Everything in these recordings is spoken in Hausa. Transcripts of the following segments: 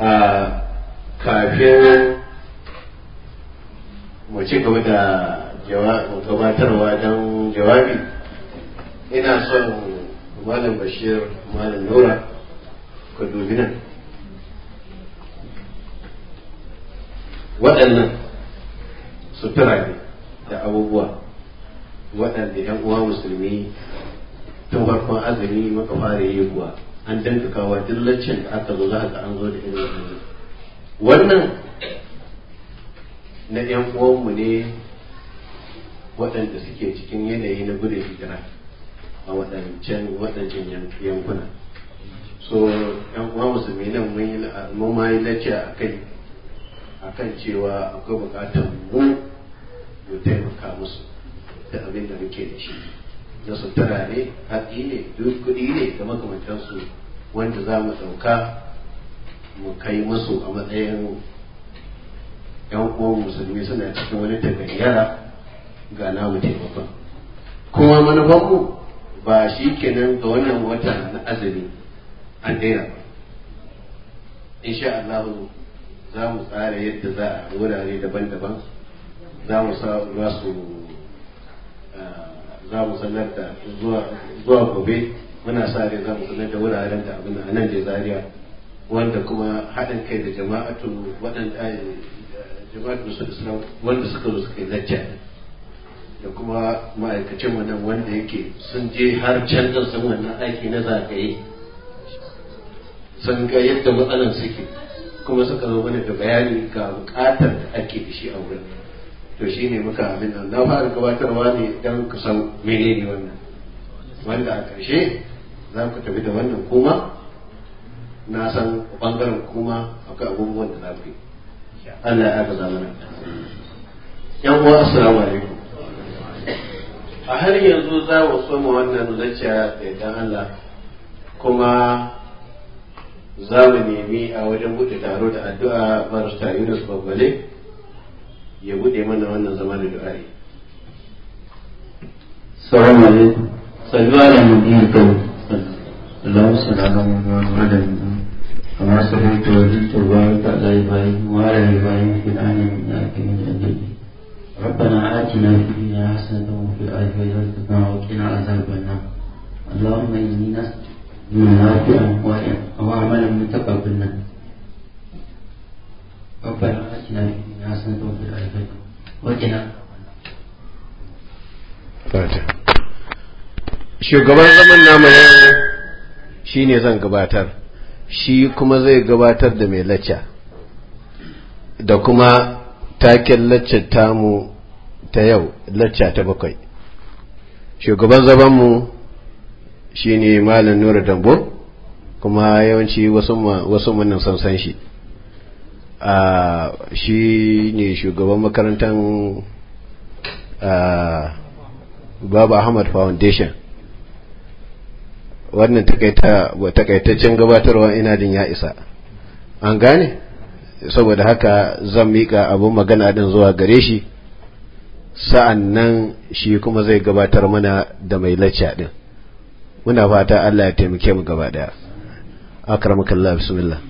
A kafin mu ci gaba da gabatarwa don jawabi ina son malam bashir malam nura ku dubi nan waɗannan sutura ne da abubuwa waɗanda 'yan uwa musulmi ta farkon azumi maka fara yi kuwa an danka wa dillacin da aka zo za ka an zo da irin wannan wannan na yan uwanmu ne waɗanda suke cikin yanayi na gudun hijira a waɗancan waɗancan yankuna so yan uwa musulmi nan mun ma yi a kai a kan cewa akwai buƙatar mu mu taimaka musu da abin da muke da shi na sutura ne haƙi ne duk kuɗi ne da makamantansu wanda za mu ɗauka mu kai masu a matsayin yan uwan musulmi suna cikin wani tagayyara ga namu taimakon kuma manufanmu ba shi kenan ga wannan wata na azumi an daina ba insha Allah za mu tsara yadda za a wurare daban-daban za mu sa su za mu sanar da zuwa gobe muna sa rai za mu sanar da wuraren da abin a nan Zaria wanda kuma haɗin kai da jama'atu waɗanda jama'atu su islam wanda suka zo suka yi lacca da kuma ma'aikacin mu nan wanda yake sun je har can da sun wannan aiki na zagaye sun ga yadda matsalan suke kuma suka zo mana da bayani ga buƙatar da ake da shi a wurin to shi ne muka abin nan na fara gabatarwa ne don ku san menene wannan wanda a ƙarshe za ku tafi da wannan kuma na san ɓangaren kuma akwai abubuwan da za ku yi Allah ya aka zama nan yan uwa assalamu alaikum a har yanzu za mu soma wannan zacciya da idan Allah kuma za mu nemi a wajen buɗe taro da addu'a marasta Yunus Babbale ya bude mana wannan zama da du'a'i salamu alaikum sallu ala nabiyyi kawai اللهم صل على محمد كما صليت وزدت وبارك على ابراهيم وعلى ابراهيم في العالمين انك من اجله ربنا آتنا في الدنيا حسنة وفي الآخرة حسنة وقنا عذاب النار اللهم إني نسألك من نافعا وعملا متقبلا Shugaban zaman namu ne shi ne zan gabatar, shi kuma zai gabatar da mai lacca, da kuma taken laccar tamu ta yau, lacca ta bakwai. Shugaban zamanmu shi ne Malam Nura Dambo, kuma yawanci wasu san san shi. shi ne shugaban makarantar baba ahmad foundation wannan takaitaccen gabatarwa ina jin ya isa an gane saboda haka zan mika abin magana din zuwa gare shi sa'an nan shi kuma zai gabatar mana da mai lacca din muna fata allah ya taimake mu gaba daya akramakallah bismillah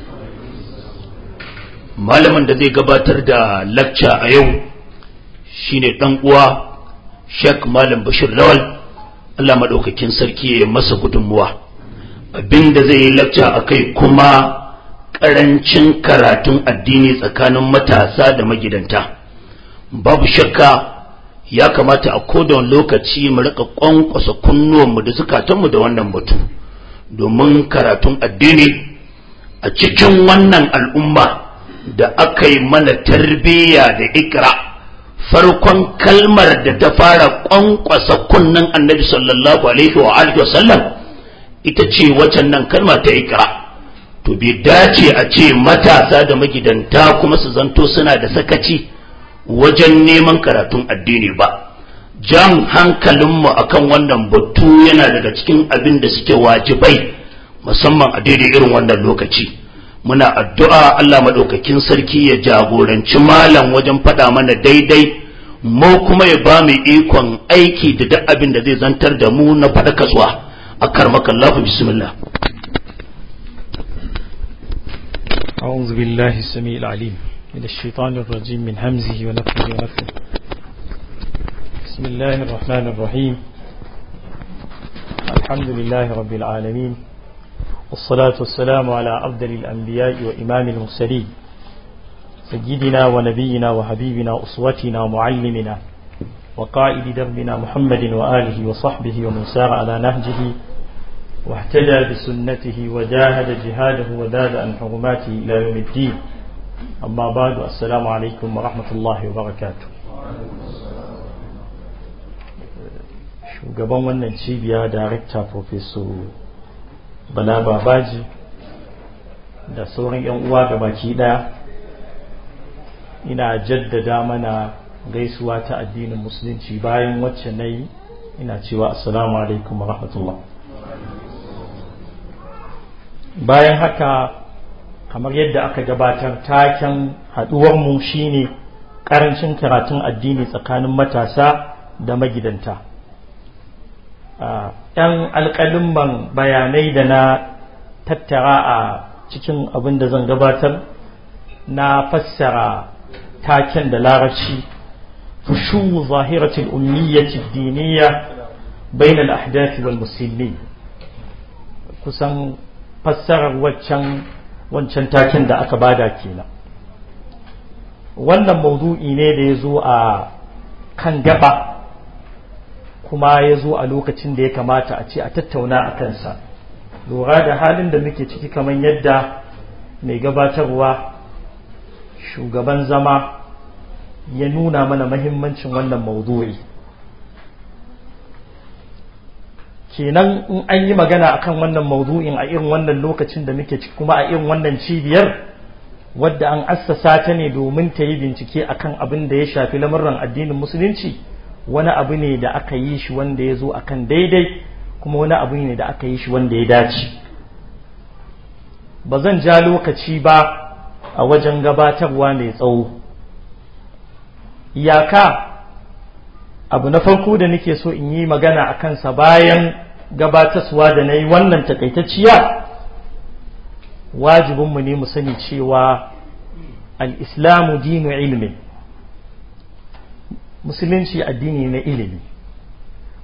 malamin da zai gabatar da lakca a yau shine dan uwa Sheikh Malam Bashir Lawal Allah maɗaukakin sarki ya masa gudunmuwa abinda zai yi lacca a kai kuma ƙarancin karatun addini tsakanin matasa da magidanta babu shakka ya kamata a kodon lokaci mu rika kwankwasa kunnuwanmu da zukatanmu da wannan batu domin karatun addini a cikin wannan al'umma da aka yi mana tarbiyya da ikra farkon kalmar da ta fara ƙwanƙwasa kunnen annabi sallallahu alaihi wa alihi wa sallam ita ce waccan nan kalma ta ikra to bai dace a ce matasa da magidanta kuma su zanto suna da sakaci wajen neman karatun addini ba jan hankalinmu akan wannan batu yana daga cikin abin da suke wajibai musamman a daidai irin wannan lokaci muna addu'a Allah maɗaukakin sarki ya jagoranci malam wajen faɗa mana daidai mu kuma ya ba mu ikon aiki da duk abin da zai zantar da mu na faɗa kasuwa a karmakan lafi bismillah أعوذ بالله السميع والصلاة والسلام على أفضل الأنبياء وإمام المرسلين سيدنا ونبينا وحبيبنا أسوتنا ومعلمنا وقائد دربنا محمد وآله وصحبه ومن سار على نهجه واهتدى بسنته وجاهد جهاده وذاد عن حرماته إلى يوم الدين أما بعد السلام عليكم ورحمة الله وبركاته shugaban wannan cibiya darekta professor bala babaji da sauran 'yan uwa ga baki daya ina jaddada mana gaisuwa ta addinin musulunci bayan wacce na yi ina cewa assalamu alaikum wa bayan haka kamar yadda aka gabatar taken mu shine karancin karatun addini tsakanin matasa da magidanta ɗan ah, alƙalimman bayanai da na tattara a cikin abin da zan gabatar na fassara taken da larabci fushu zahiratul ummiyyati diniya bainal ahdafi wal musulmi kusan fassarar waccan wancan taken da aka bada kenan wannan mawdu'i ne da ya zo a kan gaba kuma ya zo a lokacin da ya kamata a ce a tattauna a kansa lura da halin da muke ciki kamar yadda mai gabatarwa shugaban zama ya nuna mana mahimmancin wannan maudu'i kenan in an yi magana a kan wannan maudu'in a irin wannan lokacin da muke ciki kuma a irin wannan cibiyar wadda an assasa ta ne domin ta yi bincike a kan abin da ya shafi lamurran addinin musulunci wani abu ne da aka yi shi wanda ya zo a kan daidai kuma wani abu ne da aka yi shi wanda ya dace ba zan ja lokaci ba a wajen gabatarwa mai tsawo iyaka abu na farko da nake so in yi magana a kansa bayan gabatarwa da na yi wannan takaitacciya wajibinmu ne mu sani cewa al'islamu dinu ilmin musulunci addini na ilimi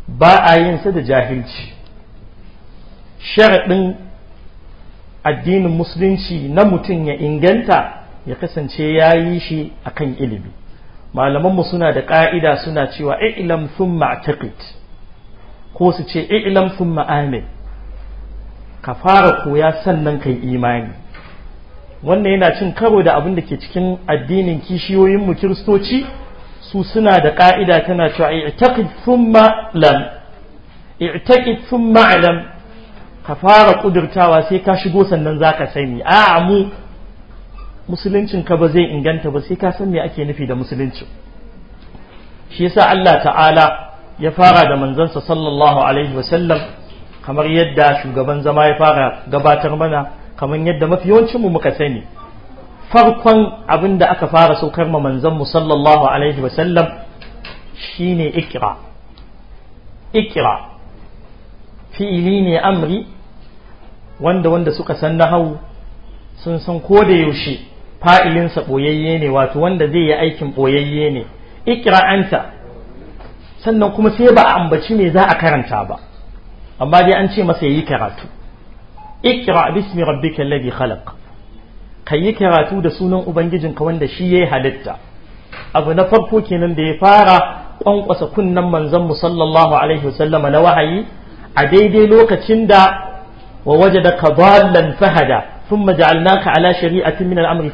ba a yin sa da jahilci sharaɗin addinin musulunci na mutum ya inganta ya kasance ya yi shi a kan ilimi malamanmu suna da ƙa'ida suna cewa ilam sun ma'atakit ko su ce ilam sun ma'amil ka fara koya sannan kai imani wannan yana cin karo da abin da ke cikin addinin kishiyoyinmu kiristoci su suna da ƙa'ida tana cewa i'taqid sun ma’alam ka fara ƙudurtawa sai ka shigo sannan za zaka sani a'a mu musuluncin ka ba zai inganta ba sai ka san me ake nufi da musulunci shi yasa Allah ta'ala ya fara da manzansa sallallahu alaihi wa kamar yadda shugaban zama ya fara gabatar mana kamar yadda mafi yawancinmu muka sani farkon abin da aka fara saukar ma manzanmu sallallahu alaihi wa sallam shine ikira. Ikira fi'ili ne amri wanda wanda suka san nahawu sun san ko da yaushe fa'ilinsa ɓoyayye ne wato wanda zai yi aikin boyayye ne ikra anta sannan kuma sai ba a ambaci me za a karanta ba amma dai an ce masa yayi karatu ikra bismi rabbikal ladhi khalaq ka yi karatu da sunan ubangijinka wanda shi ya yi halitta abu na farko kenan da ya fara kwankwasa kunnan manzon mu sallallahu alaihi wasallam na wahayi a daidai lokacin da wa wajadaka dallan fahada thumma ja'alnaka ala shari'atin min al-amri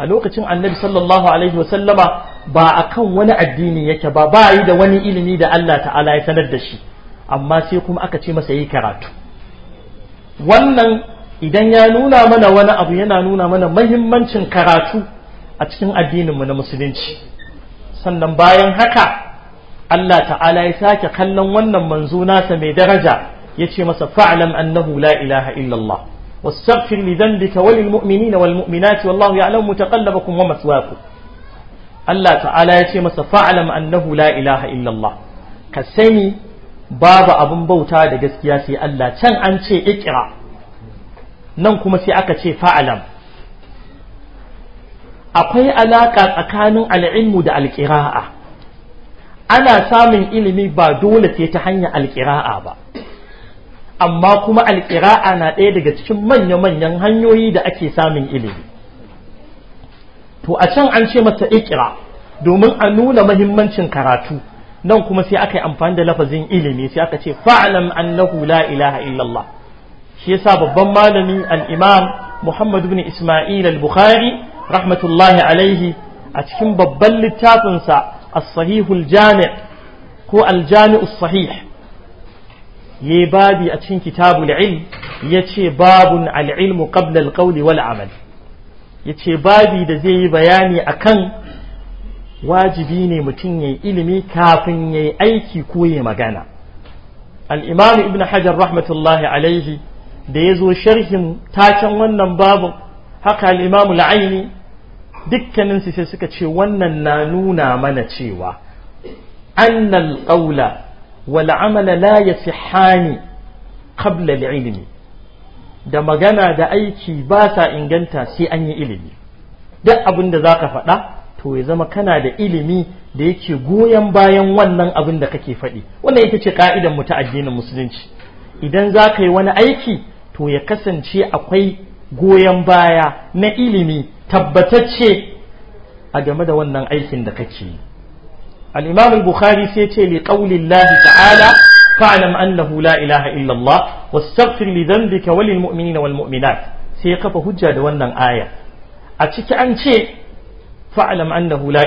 a lokacin annabi sallallahu alaihi wasallama ba akan wani addini yake ba ba yi da wani ilimi da Allah ta'ala ya sanar da shi amma sai kuma aka ce masa yi karatu wannan idan ya nuna mana wani abu yana nuna mana mahimmancin karatu a cikin addininmu na musulunci sannan bayan haka Allah ta'ala ya sake kallon wannan manzo nasa mai daraja ya ce masa fa'lam annahu la ilaha illallah واستغفر لذنبك وللمؤمنين والمؤمنات والله يعلم متقلبكم ومثواكم Allah ta'ala ya ce masa fa'alam annahu la ilaha illallah ka sani babu abin bauta da gaskiya sai Allah can an ce ikira nan kuma sai aka ce fa'alam akwai alaƙa tsakanin al'ilmu da alƙira'a ana samun ilimi ba dole sai ta hanyar alƙira'a ba amma kuma alƙira'a na ɗaya daga cikin manya-manyan hanyoyi da ake samun ilimi to a can an ce masa ikira domin a nuna mahimmancin karatu nan kuma sai aka yi amfani da lafazin ilimi sai aka ce fa'alam annahu la ilaha illallah shi yasa babban malami alimam Muhammad ibn Isma'il al-Bukhari rahmatullahi alaihi a cikin babban littafinsa as-sahihul jami' ko al sahih ya babi a cikin kitabul ilm yace babun al qabla al-qawli wal amal yace babi da zai yi bayani akan wajibi ne mutum yayi ilimi kafin yayi aiki ko yayi magana al-imam ibn hajar rahmatullahi alaihi da ya zo sharhin taken wannan babu haka al'imamu la'aini dukkaninsu sai suka ce wannan na nuna mana cewa annal ƙaula wal'amala la ya fi hani da ilimi da magana da aiki ba sa inganta sai an yi ilimi duk abin da za ka faɗa to ya zama kana da ilimi da yake goyon bayan wannan abin da kake faɗi wannan ita ce ka'idan mu ta addinin musulunci idan za ka yi wani aiki to ya kasance akwai goyon baya na ilimi tabbatacce a game da wannan aikin da kake yi al bukhari sai ce li qaulillahi ta'ala fa'lam annahu la la'ilaha illallah, wasu wastaghfir li dhanbika wa lil na wal sai ya kafa hujja da wannan aya a ciki an ce fa'lam annahu la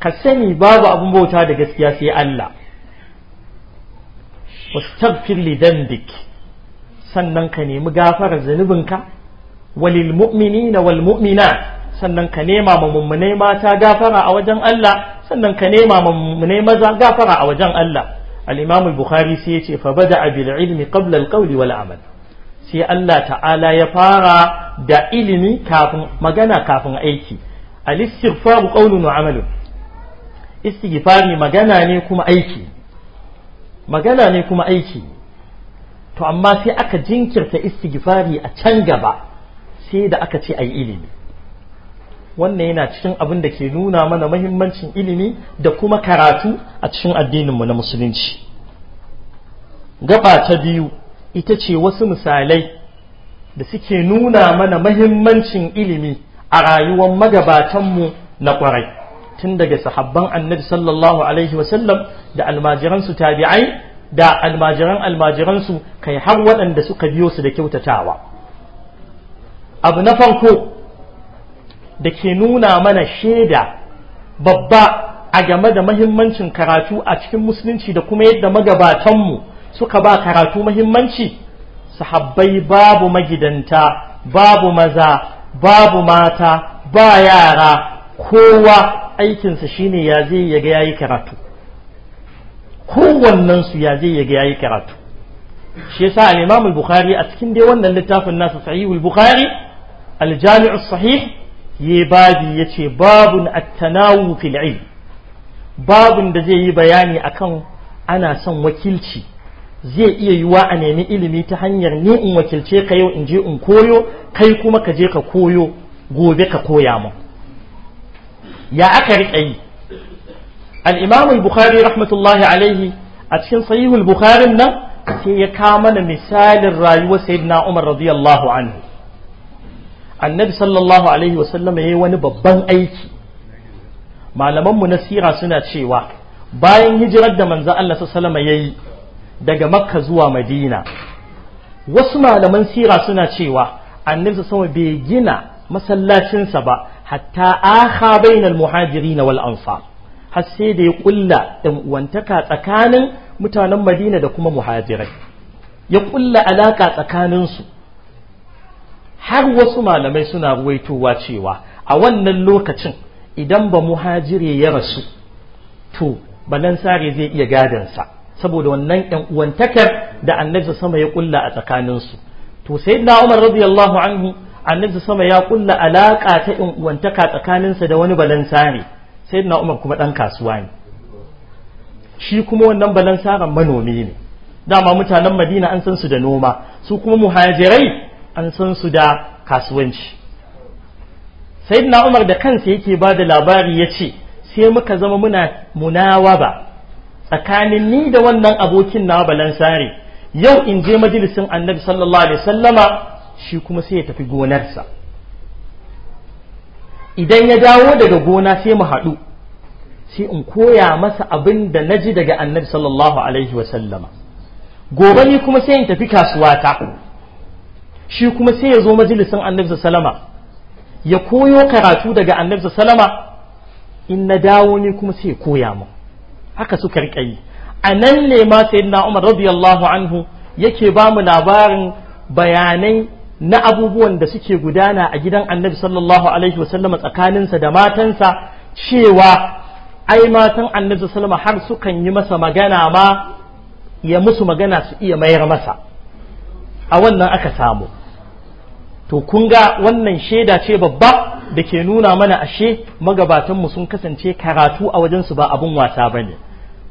ka sani babu abun bauta da gaskiya sai Allah واستغفر لذنبك sannan ka nemi gafarar zunubinka walil mu'minina wal mu'minat sannan ka nema ma mummunai mata gafara a wajen Allah sannan ka nema ma mummunai maza gafara a wajen Allah al-Imam al-Bukhari sai yace fa bada'a bil ilmi qabla al-qawli wal amal sai Allah ta'ala ya fara da ilimi kafin magana kafin aiki al-istighfaru qawlun wa amalun istighfari magana ne kuma aiki magana ne kuma aiki to amma sai aka jinkirta istighfari a can gaba sai da aka ce ai ilimi wannan yana cikin abin da ke nuna mana mahimmancin ilimi da kuma karatu a cikin addininmu na musulunci gaba ta biyu ita ce wasu misalai da suke nuna mana mahimmancin ilimi a rayuwar magabatanmu na kwarai tun daga sahabban annabi sallallahu alaihi wasallam da almajiransu tabi'ai da almajiran almajiransu kai har waɗanda suka biyo su da kyautatawa abu na farko da ke nuna mana shaida babba a game da mahimmancin karatu a cikin musulunci da kuma yadda magabatanmu suka ba karatu mahimmanci sahabbai babu magidanta babu maza babu mata ba yara kowa aikinsa shine ya zai yaga yayi karatu kowannen su ya zai yaga yi karatu shi yasa al-Imam al-Bukhari a cikin dai wannan littafin nasa Sahih al-Bukhari al-Jami' sahih ya babi yace babun at-tanawu fil ilm babun da zai yi bayani akan ana son wakilci zai iya yiwa a nemi ilimi ta hanyar ni in wakilce ka yau in je in koyo kai kuma ka je ka koyo gobe ka koya mu ya aka riƙa yi al bukhari rahmatullahi alaihi a cikin sahihul Bukharin nan sai ya kawo mana misalin rayuwar sayyidina umar radiyallahu anhu annabi sallallahu alaihi wa sallam yayi wani babban aiki malaman mu na sira suna cewa bayan hijirar da manzo Allah sallallahu alaihi yayi daga makka zuwa madina wasu malaman sira suna cewa annabi sallallahu bai gina masallacinsa ba hatta akha bainal muhajirin wal ansar har sai da ya kulla dan uwantaka tsakanin mutanen Madina da kuma muhajirai ya kulla alaka tsakanin su har wasu malamai suna ruwaitowa cewa a wannan lokacin idan ba muhajire ya rasu to sare zai iya sa saboda wannan ƴan uwantakar da annabi sama ya kulla a tsakanin su to sayyidina Umar radiyallahu anhu annabi sama ya kulla alaka ta in uwantaka tsakaninsa da wani balansare sayyidina umar kuma dan kasuwa ne shi kuma wannan balansaren manomi ne dama mutanen madina an san su da noma su kuma muhajirai an san su da kasuwanci sayyidina umar da kansa yake ba da labari ya ce sai muka zama muna munawa ba. tsakanin ni da wannan abokin na balansare yau in je majalisin annabi sallallahu alaihi sallama shi kuma sai ya tafi gonarsa idan ya dawo daga gona sai mu haɗu sai in koya masa abin da na ji daga annabi sallallahu alaihi wasallama gobe ni kuma sai in tafi kasuwata shi kuma sai ya zo majalisin annabi sallama ya koyo karatu daga annabi sallama in na dawo ni kuma sai koya mu haka suka rika a nan ne ma sayyidina Umar radiyallahu anhu yake ba mu labarin bayanai na abubuwan da suke gudana a gidan annabi sallallahu alaihi wasallama tsakaninsa da matansa cewa ai matan annabi sallama har sukan yi masa magana ma ya musu magana su iya mayar masa a wannan aka samu to kun ga wannan shaida ce babba da ke nuna mana ashe magabatanmu sun kasance karatu a wajensu ba abin wasa ba ne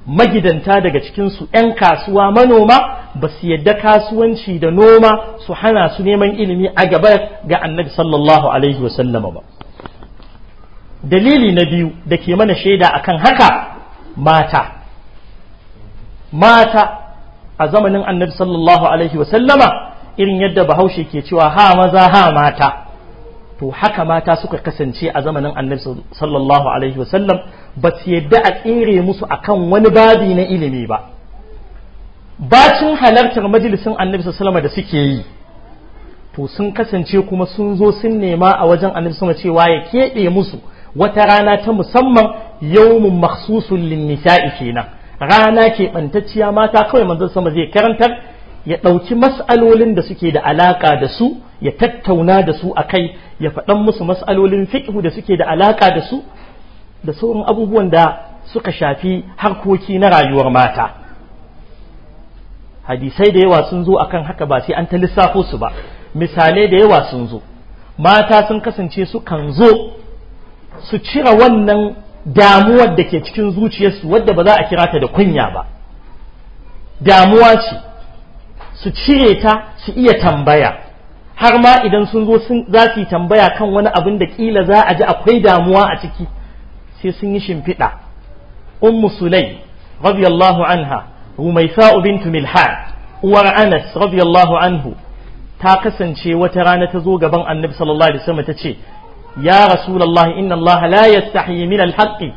magidanta daga cikinsu 'yan kasuwa manoma ba su yadda kasuwanci da noma su hana su neman ilimi a gaba ga annabi sallallahu alaihi wasallama ba dalili na biyu da ke mana shaida akan haka mata mata a zamanin annabi sallallahu alaihi wasallama irin yadda bahaushe ke cewa ha maza ha mata to haka mata suka kasance a zamanin annabi sallallahu alaihi wasallam ba su yadda a tsere musu akan wani babi na ilimi ba bacin halartar majalisin annabi sallama da suke yi to sun kasance kuma sun zo sun nema a wajen annabi sallama cewa ya keɓe musu wata rana ta musamman yawmun maksusun lin nisa'i kenan rana keɓantacciya mata kawai manzon sama zai karantar ya ɗauki mas'alolin da suke da alaƙa da su ya tattauna da su a kai ya faɗan musu mas'alolin fiqhu da suke da alaƙa da su da sauran abubuwan da suka shafi harkoki na rayuwar mata hadisai da yawa sun zo akan haka ba sai an ta lissafo su ba misalai da yawa sun zo mata sun kasance su kan zo su cire wannan damuwar da ke cikin zuciyarsu wadda ba za a kira ta da kunya ba damuwa ce su cire ta su iya tambaya har ma idan sun zo za su yi tambaya kan wani abin da kila za a ji akwai damuwa a ciki sai sun yi shimfiɗa ummu sulai radiyallahu anha rumaisa'u bintu milhar, uwar anas radiyallahu anhu ta kasance wata rana ta zo gaban annabi sallallahu alaihi wasallam ta ce ya rasulullah inna allaha la yastahi min alhaqi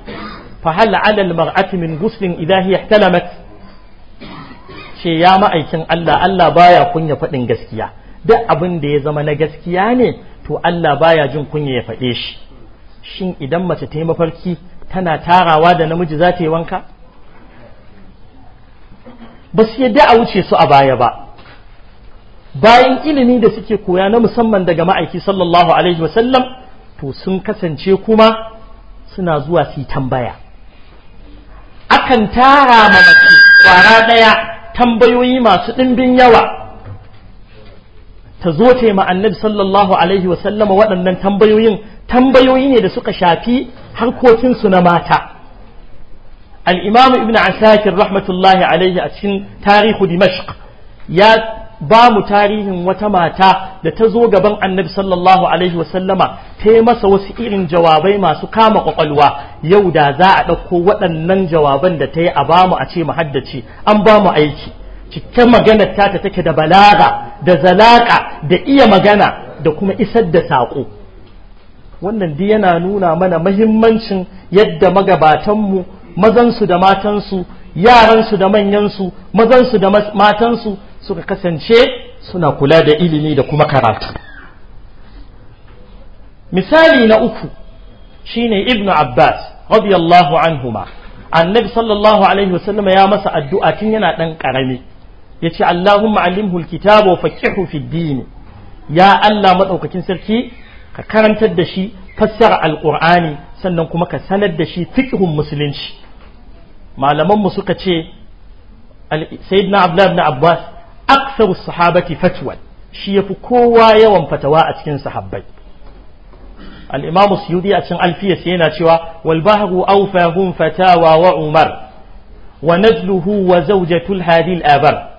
fa hal ala almar'ati min ghuslin idha hiya ihtalamat ce ya ma'aikin Allah Allah baya kunya faɗin gaskiya duk abin da ya zama na gaskiya ne to Allah baya jin kunya ya faɗe shi shin idan mace ta yi mafarki tana tarawa da namiji za ta yi wanka ba su yadda a wuce su a baya ba bayan ilimi da suke koya na musamman daga ma'aiki sallallahu alaihi wasallam to sun kasance kuma suna zuwa su yi tambaya akan tara ma mace kwara ɗaya tambayoyi masu ɗimbin yawa ta zo ta annabi sallallahu alaihi wa sallama waɗannan tambayoyin tambayoyi ne da suka shafi harkokinsu na mata al ibn asakir rahmatullahi alaihi a cikin tarihu dimashq ya ba mu tarihin wata mata da ta zo gaban annabi sallallahu alaihi wa sallama ta yi masa wasu irin jawabai masu kama kwakwalwa yau da za a ɗauko waɗannan jawaban da ta yi a bamu a ce mu haddace an bamu aiki cika magana ta ta take da balaga da zalaka da iya magana da kuma isar da saƙo wannan duk yana nuna mana mahimmancin yadda magabatanmu mazansu da matansu yaransu da manyansu mazansu da matansu suka kasance suna kula da ilimi da kuma karatu misali na uku shine ibnu abbas radiyallahu anhuma annabi sallallahu alaihi wasallam ya masa addu'a tun yana dan karami ce Allahumma allimhu alkitaba wa faqihu fid din ya Allah madaukakin sarki ka karantar da shi fassara alqur'ani sannan kuma ka sanar da shi fiqhun musulunci malaman mu suka ce sayyidina Abdullah ibn Abbas aktsaru sahabati fatwa shi yafi kowa yawan fatawa a cikin sahabbai al-Imam Suyuti a cikin alfiyas yana cewa wal bahru awfahum fatawa wa Umar wa najluhu wa zawjatul hadil abar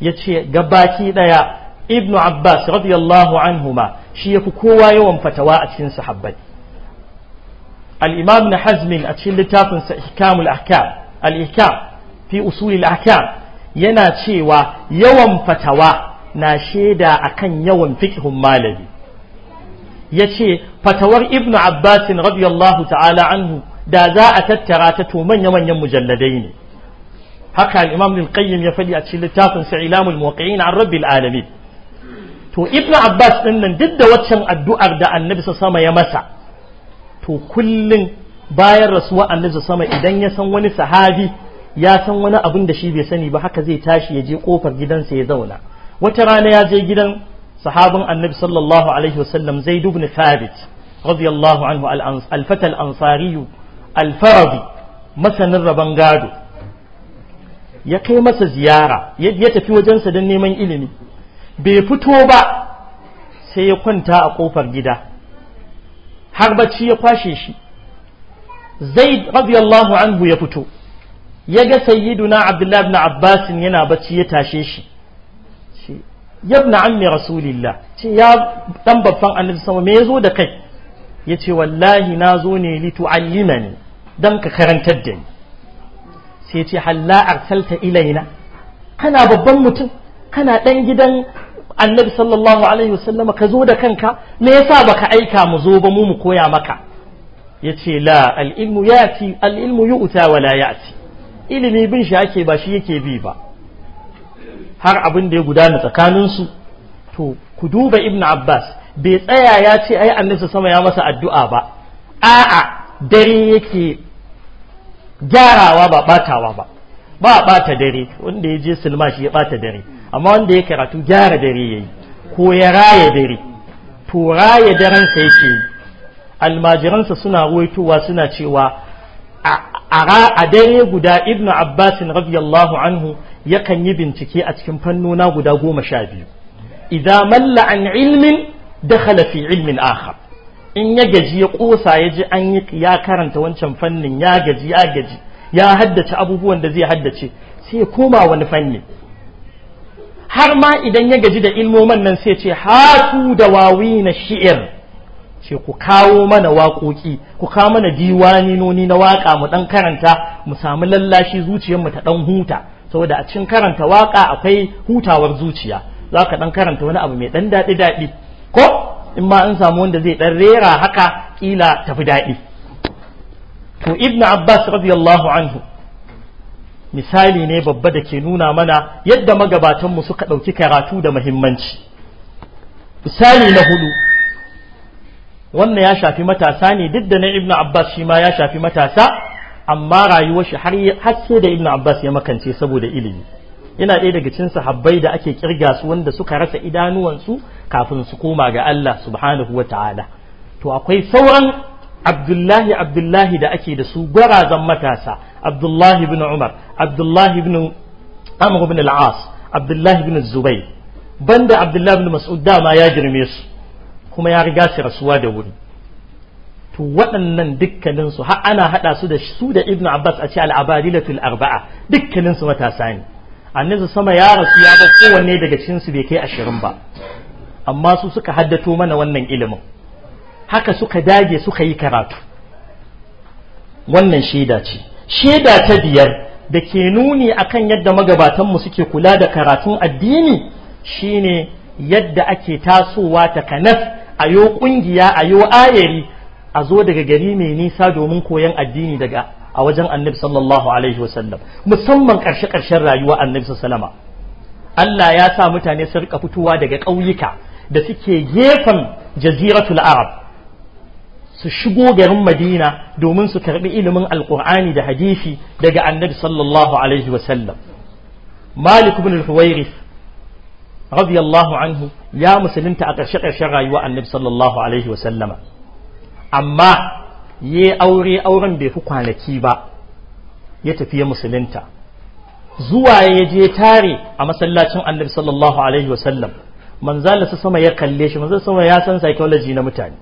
yace gabaki daya ibnu abbas radiyallahu anhuma shi yafi kowa yawan fatawa a cikin sahabbai al-imam hazmin a cikin littafin sa ihkamul ahkam al-ihkam fi usulil ahkam yana cewa yawan fatawa na shaida akan yawan fiqhun malami yace fatawar ibnu abbas radiyallahu ta'ala anhu da za a tattara ta to manya manyan mujalladai ne haka al-imam ya faɗi a cikin littafin sa ilamul muwaqqi'in an rabbi alamin to ibn abbas din nan duk da waccan addu'ar da annabi sama ya masa to kullun bayan rasuwa annabi sama idan ya san wani sahabi ya san wani abin da shi bai sani ba haka zai tashi ya je kofar gidansa ya zauna wata rana ya je gidan sahabin annabi sallallahu alaihi wasallam zaid ibn thabit radiyallahu anhu al-fatal ansariyu al masanin rabon gado ya kai masa ziyara ya tafi wajensa don neman ilimi bai fito ba sai ya kwanta a kofar gida har bacci ya kwashe shi zaid radiyallahu anhu ya fito ya ga sayyiduna abdullahi ibn abbas yana bacci ya tashe shi ya ibn ammi rasulillah ce ya dan babban annabi sama me yazo da kai yace wallahi nazo ne li tu'allimani dan ka karantar da ni sai ce halla arsalta ilaina kana babban mutum kana dan gidan annabi sallallahu alaihi wasallama ka zo da kanka me yasa baka aika mu zo ba mu mu koya maka yace la al-ilmu yati al-ilmu yu'ta wa la yati ilimi bin shi ake ba shi yake bi ba har abin da ya gudana tsakanin su to ku duba ibn abbas bai tsaya ya ce ai annabi sama ya masa addu'a ba a'a dare yake gyarawa ba batawa ba ba bata dare wanda ya je silma shi ya bata dare amma wanda ya karatu gyara dare yayi ko ya raya dare to raya daren sai yake almajiransa suna waitowa suna cewa a dare guda ibnu abbasin radiyallahu anhu yakan yi bincike a cikin fannona guda goma sha biyu Iza malla an ilmin dakhala fi ilmin akhar in ya gaji ya ƙosa ya ji an yi ya karanta wancan fannin ya gaji ya gaji ya haddace abubuwan da zai haddace sai ya koma wani fanni har ma idan ya gaji da ilmoman nan sai ce hatu da wawi na shi'ir ce ku kawo mana waƙoƙi ku kawo mana noni na waƙa mu ɗan karanta mu sami lallashi zuciyarmu ta ɗan huta saboda a cikin karanta waƙa akwai hutawar zuciya za ka ɗan karanta wani abu mai ɗan daɗi daɗi ko in ba an samu wanda zai dan rera haka kila tafi daɗi to ibn abbas radiyallahu anhu misali ne babba da ke nuna mana yadda magabatanmu suka ɗauki karatu da muhimmanci misali na hudu wannan ya shafi matasa ne duk da na ibn abbas shi ma ya shafi matasa amma rayuwar shi har sai da ibn abbas ya makance saboda ilimi yana ɗaya daga cikin sahabbai da ake kirga su wanda suka rasa idanuwansu kafin su koma ga Allah subhanahu wata'ala to akwai sauran Abdullahi Abdullahi da ake da su gwarazan matasa Abdullahi ibn Umar Abdullahi ibn Amr ibn al-As Abdullahi ibn Zubayr banda Abdullahi ibn Mas'ud dama ya girme su kuma ya riga su rasuwa da wuri to waɗannan dukkaninsu har ana haɗa su da su da Ibn Abbas a ce al-Abadilatul Arba'a dukkaninsu matasa ne annabi sama ya rasu ya ga kowanne daga cikin su bai kai ashirin ba amma su suka haddato mana wannan ilimin haka suka dage suka yi karatu wannan shaida ce shaida ta biyar da ke nuni akan yadda magabatan mu suke kula da karatun addini shine yadda ake tasowa ta kanas a yo kungiya a yo ayari a zo daga gari mai nisa domin koyan addini daga a wajen annabi sallallahu alaihi sallam musamman karshe karshen rayuwa annabi sallama Allah ya sa mutane su rika fitowa daga ƙauyuka da suke gefen jaziratul arab su shigo garin madina domin su karbi ilimin Alƙur'ani da hadisi daga annabi sallallahu alaihi sallam. malik ibn al-huwairis radiyallahu anhu ya musulunta a ƙarshe ƙarshen rayuwa annabi sallallahu alaihi wasallama amma ya aure auren bai fi kwanaki ba ya tafi ya musulunta zuwa ya je tare a masallacin annabi sallallahu alaihi wasallam manzala su sama ya kalle shi manzala sama ya san psychology na mutane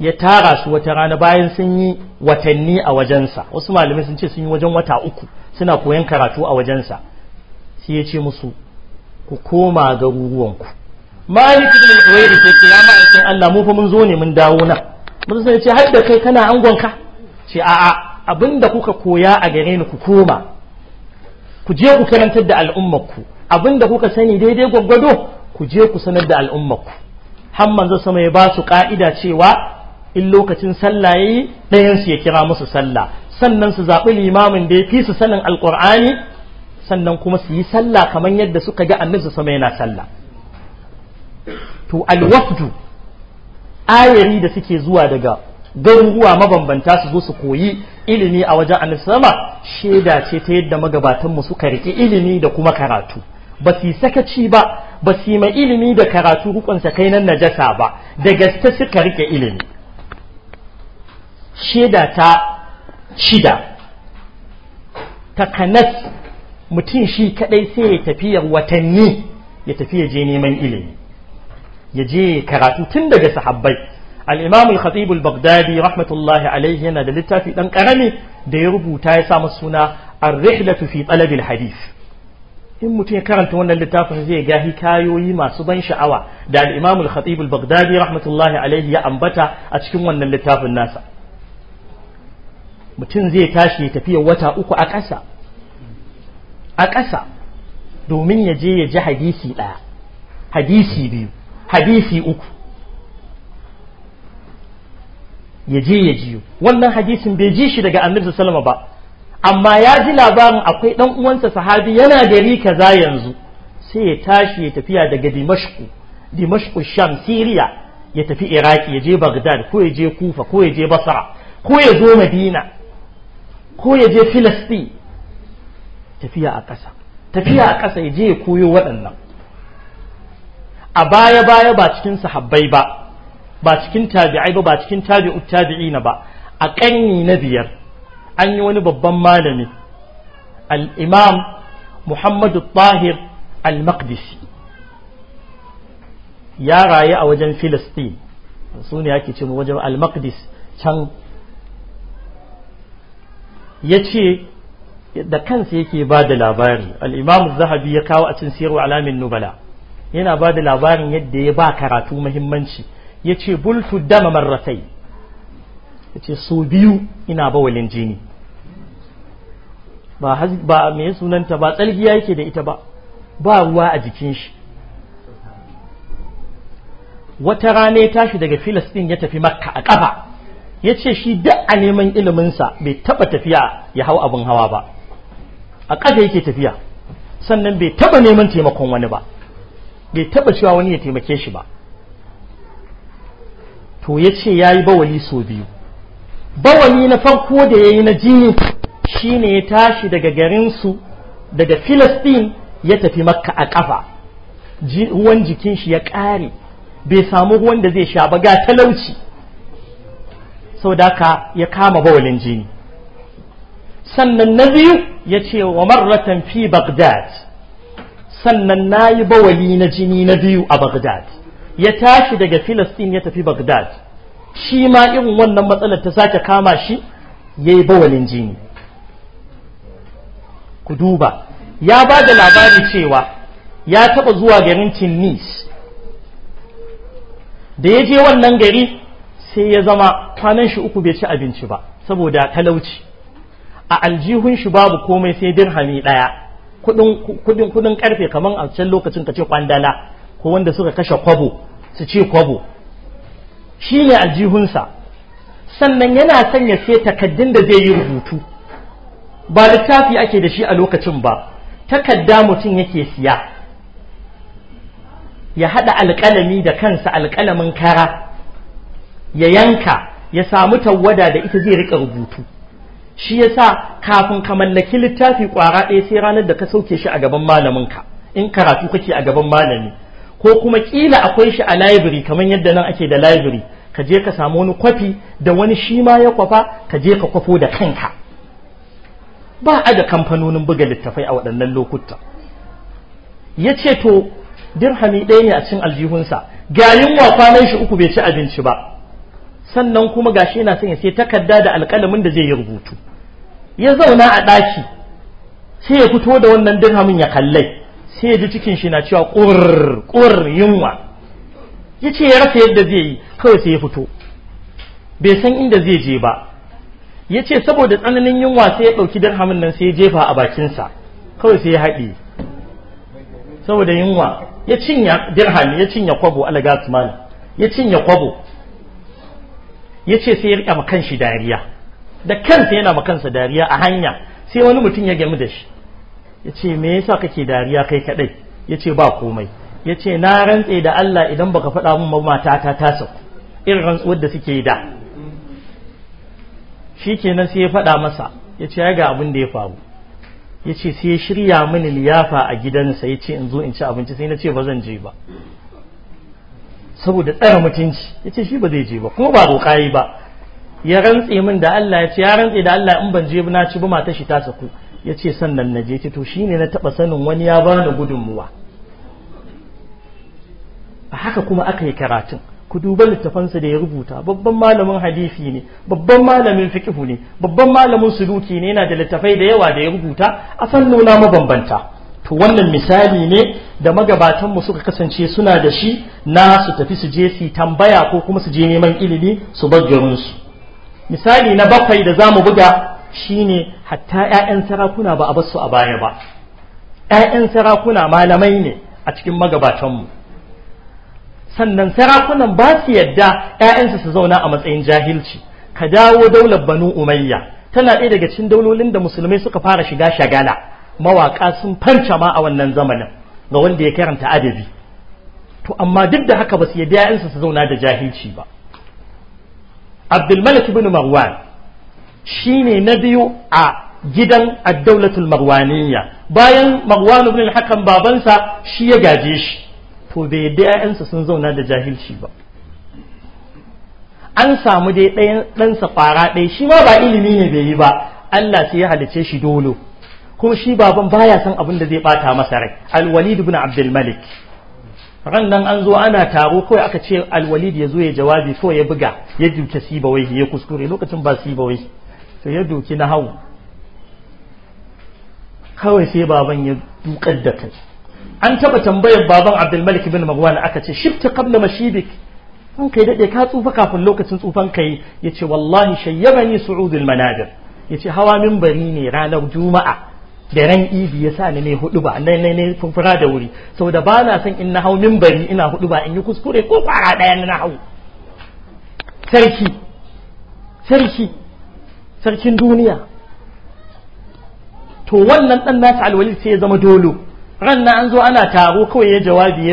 ya tara su wata rana bayan sun yi watanni a wajensa wasu malamai sun ce sun yi wajen wata uku suna koyan karatu a wajensa sai ya ce musu ku koma garuruwanku malik ibn al ce kiyama ya ma'aikin Allah mu fa mun zo ne mun dawo na. Mutum sai ce har da kai kana angonka ce a'a abinda kuka koya a gare ni ku koma ku je ku karantar da al'ummarku abinda kuka sani daidai gwaggwado ku je ku sanar da al'ummarku har manzo sama ya ba su ka'ida cewa in lokacin sallah yayi ɗayan su ya kira musu sallah sannan su zaɓi limamin da ya fi su sanin alƙur'ani sannan kuma su yi sallah kamar yadda suka ga annabi sama yana sallah to alwafdu ayari da suke zuwa daga garuruwa mabambanta su zo su koyi ilimi a wajen annisama shaida ce ta yadda magabatanmu suka riƙe ilimi da kuma karatu ba su sakaci ba ba su mai ilimi da karatu rukunsa kai nan najasa ba da gaske suka riƙe ilimi shaida ta shida takanas mutum shi kadai sai ya tafiyar watanni ya tafi ya je neman ilimi ya je karatu tun daga sahabbai al-imam al-khatib al-baghdadi rahmatullahi alayhi yana da littafi dan karami da ya rubuta ya sa masa suna ar-rihlatu fi talab al-hadith in mutum ya karanta wannan littafin zai ga hikayoyi masu ban sha'awa da al-imam al-khatib al-baghdadi rahmatullahi alayhi ya ambata a cikin wannan littafin nasa mutum zai tashi ya tafiya wata uku a ƙasa a ƙasa domin ya je ya ji hadisi ɗaya hadisi biyu hadisi uku ya je ya jiyo wannan hadisin bai ji shi daga annabi sallama ba amma ya ji labarin akwai dan uwansa sahabi yana gari kaza yanzu sai ya tashi ya tafiya daga dimashku dimashku sham siriya ya tafi iraki ya je bagdad ko ya je kufa ko ya je basra ko ya zo madina ko ya je filistin tafiya a ƙasa tafiya a ƙasa ya je ya koyo waɗannan a baya baya ba cikin sahabbai ba ba cikin tabi'ai ba ba cikin tabi'u tabi'ina ba a ƙarni na biyar an yi wani babban malami al-imam Muhammadu Tahir al-Maqdisi ya rayu a wajen Filistin su ne ake ce wajen al-Maqdis can ya ce da kansa yake ba da labari al-imam zahabi ya kawo a cin siyarwa alamin nubala yana ba da labarin yadda ya ba karatu muhimmanci ya ce bultu dama marratai ya ce so biyu ina ba walin jini ba mai sunanta ba tsalgiya yake da ita ba ba ruwa a jikin shi wata rana ya tashi daga filistin ya tafi makka a ƙafa ya ce shi duk a neman iliminsa bai taɓa tafiya ya hau abin hawa ba a ƙafa yake tafiya sannan bai taɓa neman taimakon wani ba bai taba cewa wani ya taimake shi ba to ya ce ya yi bawali sau biyu bawali na farko da ya yi na jini shi ne ya tashi daga garinsu daga filistin ya tafi makka a ƙafa ruwan jikin shi ya ƙare bai samu ruwan da zai sha ba ga talauci sau da ka ya kama bawalin jini sannan na biyu ya ce wa marratan fi bagdad sannan na yi bawali na jini na biyu a Baghdad ya tashi daga Filistin ya tafi Baghdad shi ma irin wannan matsalar ta sake kama shi ya yi bawalin jini ku duba ya ba da labari cewa ya taɓa zuwa garin Tunis da ya je wannan gari sai ya zama kwanan shi uku bai ci abinci ba saboda talauci a aljihun shi babu komai sai dirhami ɗaya kudin kudin karfe kaman a can lokacin ka ce kwandala ko wanda suka kashe kwabo su ce kwabo shi ne aljihunsa sannan yana sanya ya sai takaddun da zai yi rubutu ba littafi ake da shi a lokacin ba takadda mutum yake siya ya haɗa alkalami da kansa alkalamin kara ya yanka ya samu tawwada da ita zai rika rubutu shi ya sa kafin ka mallaki littafi kwara ɗaya sai ranar da ka sauke shi a gaban malaminka in karatu kake a gaban malami ko kuma kila akwai shi a library kamar yadda nan ake da library ka je ka samu wani kwafi da wani shi ma ya kwafa ka je ka kwafo da kanka ba a da kamfanonin buga littafai a waɗannan lokuta ya ce to dirhami ɗaya ne a cin aljihunsa ga yunwa kwanan shi uku bai ci abinci ba sannan kuma gashi yana son ya sai takarda da alƙalamin da zai yi rubutu ya zauna a ɗaki sai ya fito da wannan dirhamin ya kallai sai ya ji cikin shi na cewa ƙur yunwa ya ce ya rasa yadda zai yi kawai sai ya fito bai san inda zai je ba ya ce saboda tsananin yunwa sai ya ɗauki dirhamin nan sai ya jefa a bakinsa kawai sai ya haɗe saboda yunwa ya cinye dirhami ya cinye kwabo alagasmani ya cinye kwabo ya ce sai ya riƙa ma kanshi dariya da kansa yana ma kansa dariya a hanya sai wani mutum ya gami da shi ya ce me yasa kake dariya kai kaɗai ya ce ba komai ya ce na rantse da Allah idan baka faɗa mun mamata ta ta sauku irin rantsuwar da suke da shi kenan sai ya faɗa masa ya ce ya ga abin da ya faru ya ce sai ya shirya mini liyafa a gidansa ya ce in zo in ci abinci sai na ce ba zan je ba saboda tsara mutunci ya ce shi ba zai je ba kuma ba roƙa ba ya rantse min da Allah ya ce ya rantse da Allah in ban je na ci ba mata shi ta saku ya ce sannan na je to shine na taba sanin wani ya bani gudunmuwa a haka kuma aka yi karatun ku duba littafansa da ya rubuta babban malamin hadisi ne babban malamin fiqhu ne babban malamin suluki ne yana da littafai da yawa da ya rubuta a fannona mabambanta to wannan misali ne da magabatan mu suka kasance suna da shi na su tafi su je su tambaya ko kuma su je neman ilimi su bar su. misali na bakwai da za mu buga shi ne hatta 'ya'yan sarakuna ba a basu a baya ba 'ya'yan sarakuna malamai ne a cikin magabatanmu sannan sarakunan ba su yadda 'ya'yansu su zauna a matsayin jahilci ka dawo daular banu umayya tana ɗaya daga cikin daulolin da musulmai suka fara shiga shagala mawaƙa sun fanca ma a wannan zamanin ga wanda ya karanta adabi to amma duk da haka ba su yadda 'ya'yansu su zauna da jahilci ba abdulmalik bin marwan shi ne na biyu a gidan addaulatul marwaniya bayan marwan ibn al babansa shi ya gaje shi to bai da ƴaƴansa sun zauna da jahilci ba an samu dai ɗayan ɗansa fara ɗaya shi ma ba ilimi ne bai yi ba Allah sai ya halice shi dolo kuma shi baban baya san abin da zai bata masa rai al-walid ibn abdul malik ran nan an zo ana taro kawai aka ce alwalid ya zo ya jawabi kawai ya buga ya duke sibawai ya kuskure lokacin ba sibawai to ya duki na hau kawai sai baban ya dukar da kai an taba tambayar baban abdulmalik bin marwan aka ce shibta qabla mashibik an kai dade ka tsufa kafin lokacin tsufan kai yace wallahi shayyabani su'udul manajir yace hawa minbari ne ranar juma'a da ran idi ya sa ni ne hudu ba nai nai ne furfura da wuri saboda ba na son in na hau mimbari ina hudu ba in yi kuskure ko kwara daya na hau sarki sarki sarkin duniya to wannan dan nasa alwali sai ya zama dolo ran na an zo ana taro kawai ya jawabi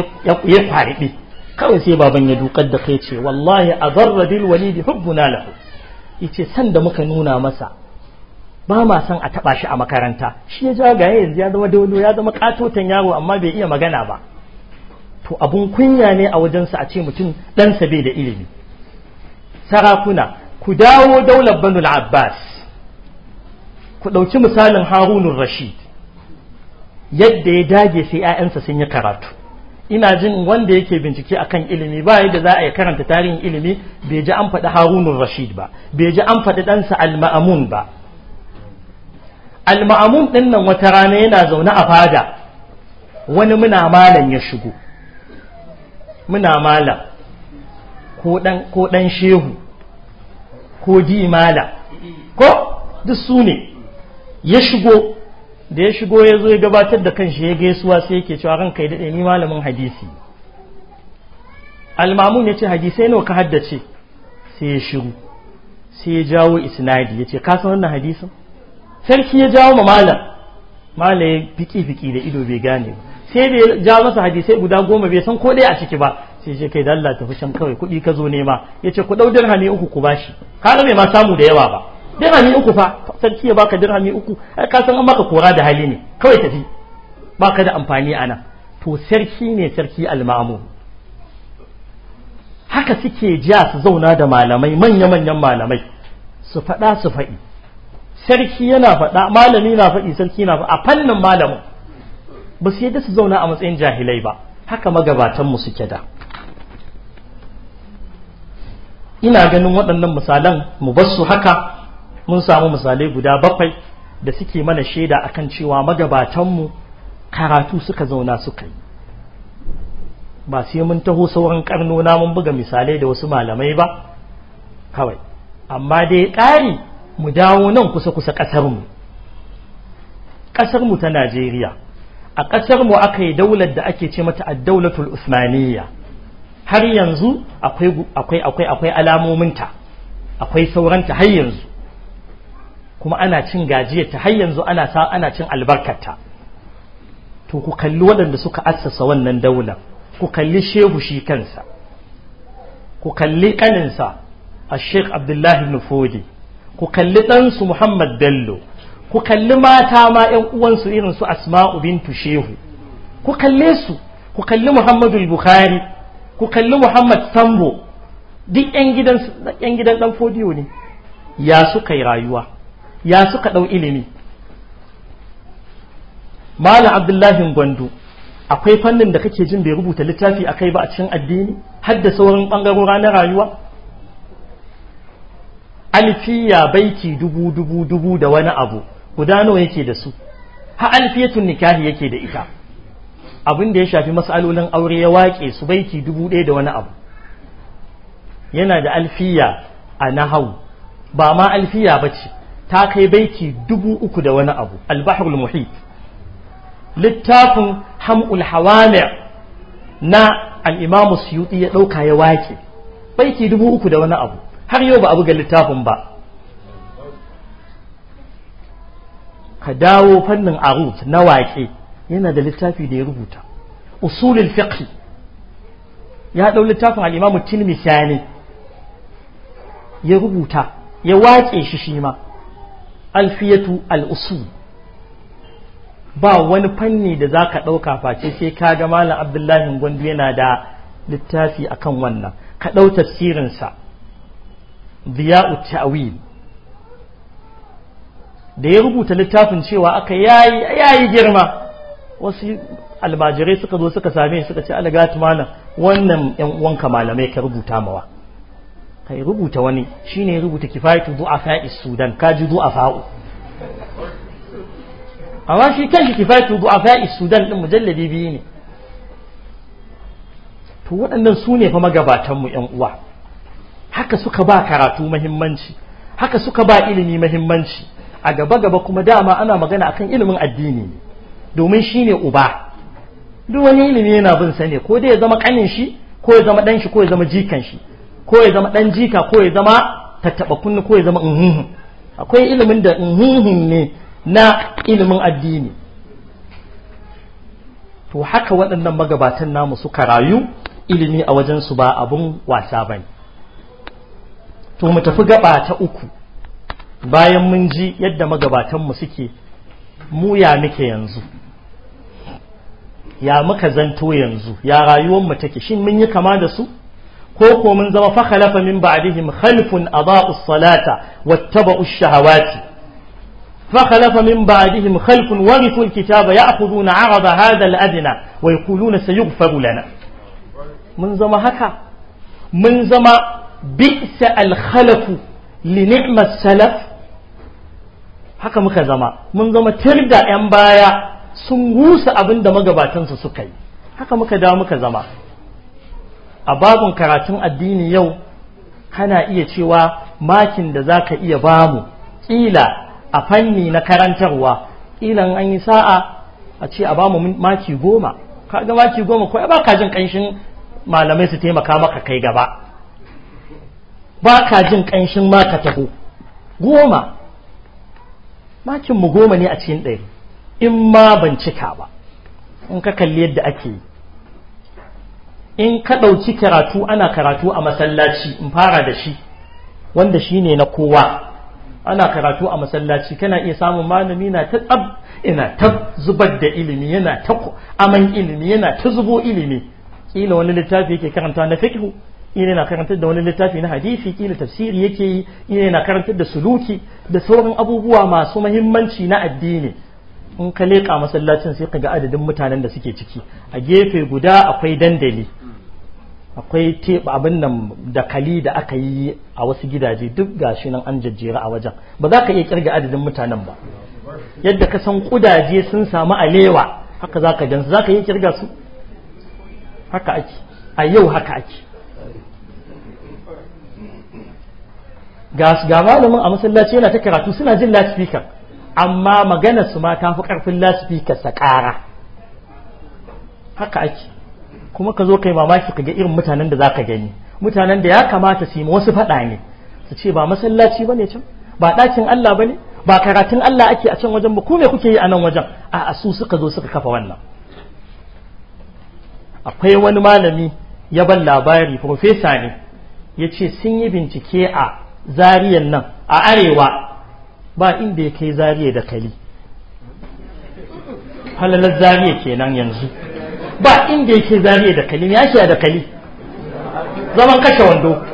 ya kwaribe kawai sai baban ya dukar da kai ce wallahi azarra bil walidi hubbuna lahu yace san da muka nuna masa ba ma san a taɓa shi a makaranta shi ya ja gaya yanzu ya zama dawo ya zama katotan yaro amma bai iya magana ba to abun kunya ne a wajen sa a ce mutum ɗansa bai da ilimi sarakuna ku dawo daular banul abbas ku ɗauki misalin harunun rashid yadda ya dage sai 'ya'yansa sun yi karatu ina jin wanda yake bincike akan ilimi ba yadda za a yi karanta tarihin ilimi bai ji an faɗi harunun rashid ba bai ji an faɗi ɗansa al-ma'amun ba al-ma'amun din nan wata rana yana zaune a fada wani muna malam ya shigo muna malam ko dan shehu ko di malam ko duk su ne ya shigo da ya shigo ya zo ya gabatar da kanshi ya gaisuwa sai yake cewa ran kai daɗe ni malamin hadisi almamun ya ce hadisai nawa ka haddace sai ya shiru sai ya jawo isnadi ya ce ka san wannan hadisin sarki ya jawo ma malam malam ya fiki fiki da ido bai gane ba sai bai ja masa hadisai guda goma bai san ko ɗaya a ciki ba sai ce kai da Allah tafi can kawai kuɗi ka zo nema ya ce ku ɗau dirhami uku ku bashi ka bai ma samu da yawa ba dirhami uku fa sarki ya baka dirhami uku ai ka san an maka kora da hali ne kawai tafi baka da amfani a nan to sarki ne sarki almamu haka suke ja su zauna da malamai manya-manyan malamai su faɗa su faɗi sarki yana faɗa malami na faɗi sarki na faɗa a fannin malamin ba su yadda su zauna a matsayin jahilai ba haka magabatan mu suke da ina ganin waɗannan misalan mu bar su haka mun samu misalai guda bakwai da suke mana shaida akan cewa magabatanmu karatu suka zauna suka yi ba sai mun taho sauran karnona mun buga misalai da wasu malamai ba kawai amma dai ƙari mu dawo nan kusa kusa ƙasarmu ƙasarmu ta najeriya a ƙasarmu aka yi daular da ake ce mata addaulatul usmaniyya har yanzu akwai akwai akwai alamominta akwai sauranta har yanzu kuma ana cin gajiyarta har yanzu ana ana cin albarkarta to ku kalli waɗanda suka assasa wannan daular ku kalli shehu shi kansa ku kalli ƙaninsa a sheikh abdullahi nufodi ku kalli ɗansu Muhammad Bello ku kalli mata ma ‘yan uwansu irin su Asma'u bintu Shehu ku kalle su ku kalli Muhammadu Bukhari ku kalli Muhammad Sambo duk ‘yan gidan ɗan fodiyo ne ya suka yi rayuwa ya suka ɗau ilimi Malam Abdullahi Gwandu akwai fannin da kake jin bai rubuta littafi a kai ba a cikin addini har da sauran ɓangarora na rayuwa alfiya baiti dubu dubu dubu da wani abu guda nawa yake da su ha alfiyatun nikahi yake da ita abin da ya shafi masalolin aure ya waƙe su baiti dubu ɗaya da wani abu yana da alfiya a nahau ba ma alfiya ba ce ta kai baiti dubu uku da wani abu albahrul muhit littafin hamul hawami na al'imamu suyuti ya ɗauka ya wake baiti dubu uku da wani abu har yau ba a buga littafin ba ka dawo fannin arut na wake yana da littafi da ya rubuta usulul fiqh ya ɗau littafin al-imam tilmisani ya rubuta ya wake shi shi ma alfiyatu al-usul ba wani fanni da za ka ɗauka face sai ka ga malam abdullahi gwandu yana da littafi akan wannan ka ɗau tafsirinsa diya'u ta'wil da ya rubuta littafin cewa aka yayi yayi girma wasu almajirai suka zo suka same suka ce alagat mana wannan yan uwanka malamai ka rubuta mawa kai rubuta wani shine ya rubuta kifayatu du'afa'is sudan kaji du'afa'u amma shi kanshi kifayatu du'afa'is sudan din mujalladi biyu ne to waɗannan su ne fa magabatanmu yan uwa haka suka ba karatu mahimmanci haka suka ba ilimi mahimmanci a gaba gaba kuma dama ana magana akan ilimin addini ne domin shine uba duk wani ilimi yana bin sa ne ko dai ya zama kanin shi ko ya zama dan shi ko ya zama jikan shi ko ya zama dan jika ko ya zama tattaba kunni ko ya zama inhuhun akwai ilimin da inhuhun ne na ilimin addini to haka waɗannan magabatan namu suka rayu ilimi a wajen su ba abun wasa bane to mu tafi gaba ta uku bayan mun ji yadda magabatanmu suke mu ya muke yanzu ya muka zanto yanzu ya rayuwarmu take shin mun yi kama da su ko ko mun zama fakhalafa min ba'dihim khalfun adaa'u salata wattaba'u shahawati فخلف من بعدهم خلف ورثوا الكتاب يأخذون عرض هذا الأدنى ويقولون سيغفر lana mun zama haka mun zama. bi'sa al-khalafu li ni'mat salaf haka muka zama mun zama tirda yan baya sun gusa abinda da magabatansu suka yi haka muka da muka zama a babun karatun addini yau kana iya cewa makin da zaka iya bamu kila a fanni na karantarwa kila an yi sa'a a ce a bamu maki goma kaga maki goma ko ba ka jin kanshin malamai su taimaka maka kai gaba ba ka jin ƙanshin ma ka taho goma makinmu goma ne a cikin ɗari in ma ban cika ba in ka kalli yadda ake yi in ka ɗauki karatu ana karatu a masallaci in fara da shi wanda shi ne na kowa ana karatu a masallaci kana iya samun malami na ta tsab ina ta zubar da ilimi yana ta aman ilimi yana ta zubo ilimi kila wani littafi yake karanta na fiqhu kila yana karantar da wani littafi na hadisi kila tafsiri yake yi kila yana karantar da suluki da sauran abubuwa masu mahimmanci na addini in ka leƙa masallacin sai ka ga adadin mutanen da suke ciki a gefe guda akwai dandali akwai teɓa abin nan da kali da aka yi a wasu gidaje duk gashi nan an jajjera a wajen ba za ka iya kirga adadin mutanen ba yadda ka san kudaje sun samu alewa haka za ka gansu za ka iya kirga su haka ake a yau haka ake ga ga malamin a masallaci yana ta karatu suna jin loudspeaker amma magana su ma tafi karfin loudspeaker sa ƙara haka ake kuma ka zo kai mamaki ka ga irin mutanen da zaka gani mutanen da ya kamata su yi wasu faɗa ne su ce ba masallaci bane can ba ɗakin Allah bane ba karatun Allah ake a can wajen ba ku me kuke yi a nan wajen a su suka zo suka kafa wannan akwai wani malami ya ban labari profesa ne ya ce sun yi bincike a zariyan nan a arewa ba inda ya kai zariya da kali halalar zariya kenan yanzu ba inda ya kai zariya da kali ya shiya da kali zaman kashe wando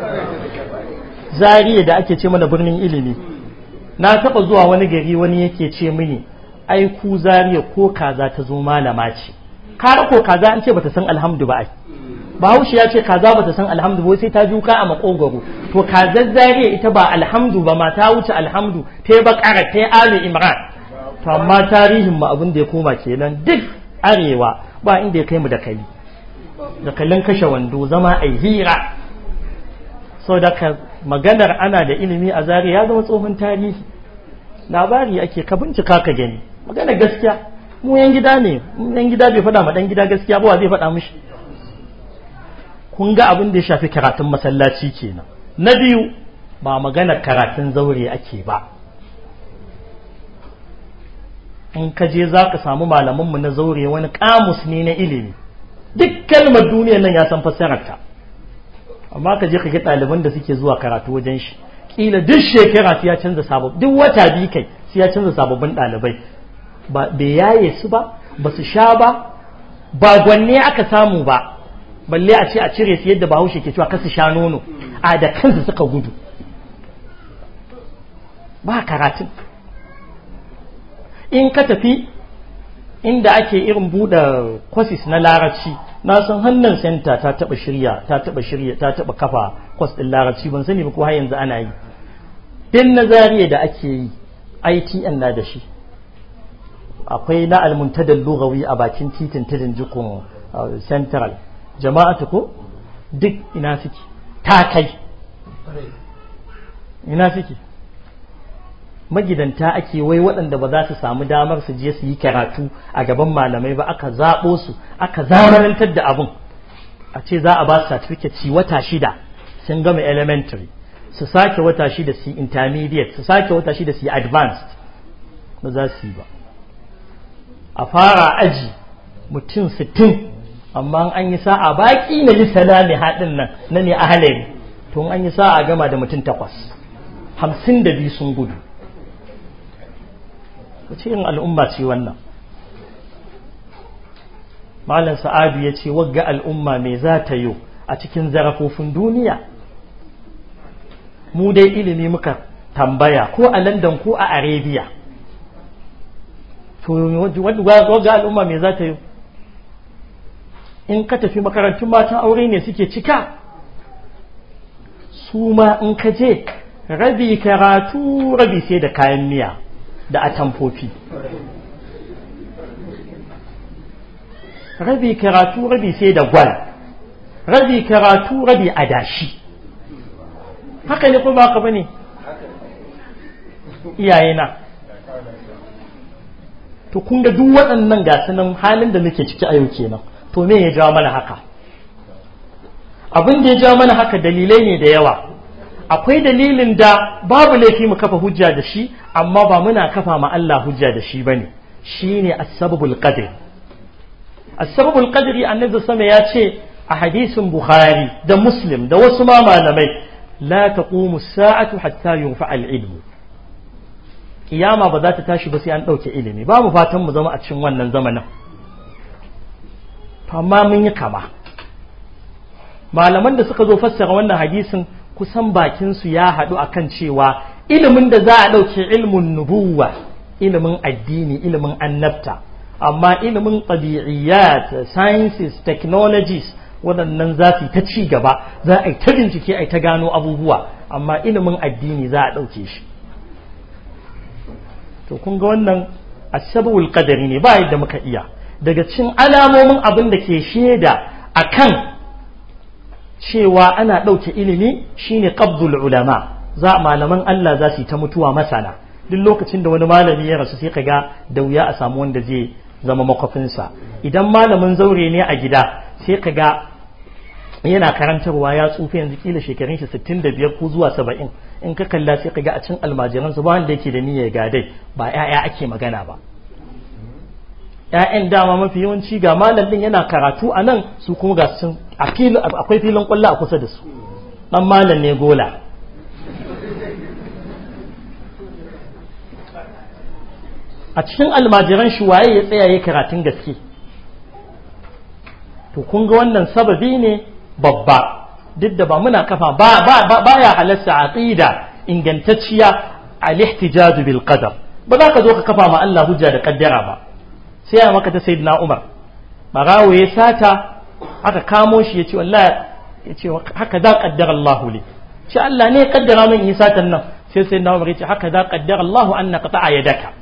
zariya da ake ce mana birnin ilimi na taba zuwa wani gari wani yake ce mini ai ku zariya ko kaza ta zo malama ce kara ko kaza an ce bata san alhamdu ba ai bahaushe ya ce kaza bata san alhamdu ba sai ta juka a makogaro to kazar zariya ita ba alhamdu ba ma ta wuce alhamdu ta yi bakara ta yi ali imran to amma tarihin ma abin da ya koma kenan duk arewa ba inda ya kai mu da kai da kallon kashe wando zama a hira so da ka maganar ana da ilimi a zariya ya zama tsohon tarihi labari ake ka bincika ka gani magana gaskiya mu yan gida ne mu yan gida bai faɗa ma dan gida gaskiya ba wa zai faɗa mishi kun ga abin da ya shafi karatun masallaci kenan na biyu ba magana karatun zaure ake ba in ka je za ka samu malamanmu na zaure wani kamus ne na ilimi duk kalmar duniyar nan ya san fassararta amma ka je ka ga ɗaliban da suke zuwa karatu wajen shi kila duk shekara su ya canza sabab duk wata biyu kai su ya canza sababbin ɗalibai ba bai yaye su ba ba su sha ba ba gwanne aka samu ba balle a ce a cire su yadda bahaushe ke cewa kasu sha nono a da kansu suka gudu ba karatun in ka tafi inda ake irin buɗe kwasis na laraci na san hannun senta ta taɓa shirya ta taɓa shirya ta taɓa kafa kwas ɗin larabci ban sani ba ko har yanzu ana yi din na zariya da ake yi ITN na da shi akwai na almuntadar lugawi a bakin titin tudun jikun uh, central jama'atu ko duk ina suke ta kai ina suke magidanta ake wai waɗanda ba za su samu damar su je su yi karatu a gaban malamai ba aka zaɓo su aka zamanantar da abin a ce za a ba su certificate ci wata shida sun gama elementary su sake wata shida su intermediate su sake wata shida su advanced ba za su yi ba a fara aji mutum sittin amma an yi sa'a baki na li salami haɗin nan na ne halari to an yi sa'a gama da mutum takwas hamsin da biyu sun gudu wace yin al'umma ce wannan malam sa'adu ya ce wagga al'umma mai za ta yi a cikin zarafofin duniya mu dai ilimi muka tambaya ko a london ko a arabia to wagga al'umma mai za ta yi in ka tafi makarantun matan aure ne suke cika su ma in ka je rabi karatu rabi sai da kayan miya da atamfofi rabi karatu rabi sai da gwal rabi karatu rabi adashi haka ne ko ba ka bane iyayena to kun ga duk waɗannan gasu nan halin da muke ciki a yau kenan to me ya jawo mana haka abin da ya jawo mana haka dalilai ne da yawa akwai dalilin da babu laifi mu kafa hujja da shi amma ba muna kafa ma Allah hujja da shi bane shine as-sababul qadr as-sababul qadri annabi sama ya ce a hadisin bukhari da muslim da wasu ma malamai la taqumu as-sa'atu hatta yunfa al-ilm kiyama ba za ta tashi ba sai an dauke ilimi ba mu fatan mu zama a cikin wannan zamanin Fa amma mun yi kama malaman da suka zo fassara wannan hadisin kusan bakin su ya haɗu akan cewa ilimin da za a ɗauke ilmin nubuwa ilimin addini ilimin annabta amma ilimin tabi'iyyat sciences technologies waɗannan za su ta ci gaba za a yi ta bincike a ta gano abubuwa amma ilimin addini za a ɗauke shi to kun ga wannan asabul qadari ne ba yadda muka iya daga cin alamomin abin da ke shaida kan cewa ana ɗauke ilimi shine ƙabdul ulama za malaman Allah za su yi ta mutuwa masana duk lokacin da wani malami ya rasu sai kaga da wuya a samu wanda zai zama makwafinsa idan malamin zaure ne a gida sai kaga yana karantarwa ya tsufa yanzu kila shekarun shi 65 ko zuwa 70 in ka kalla sai kaga a cin almajiran su ba wanda yake da ga gadai ba 'ya'ya ake magana ba 'ya'yan dama mafi yawanci ga malam yana karatu a nan su kuma ga sun akwai filin kwallo a kusa da su ɗan malam ne gola a cikin almajiran shi waye ya tsaya ya karatun gaske to kun ga wannan sababi ne babba duk da ba muna kafa ba ba ya halasta tsida ingantacciya a ihtijaj bil ba za ka zo ka kafa ma Allah hujja da kaddara ba sai a maka ta na Umar barawo ya sata aka kamo shi ya ce wallahi ya ce haka za kaddara Allah ne ce Allah ne ya kaddara min yi satan nan sai sayyidina Umar ya ce haka za kaddara Allah an naqta'a yadaka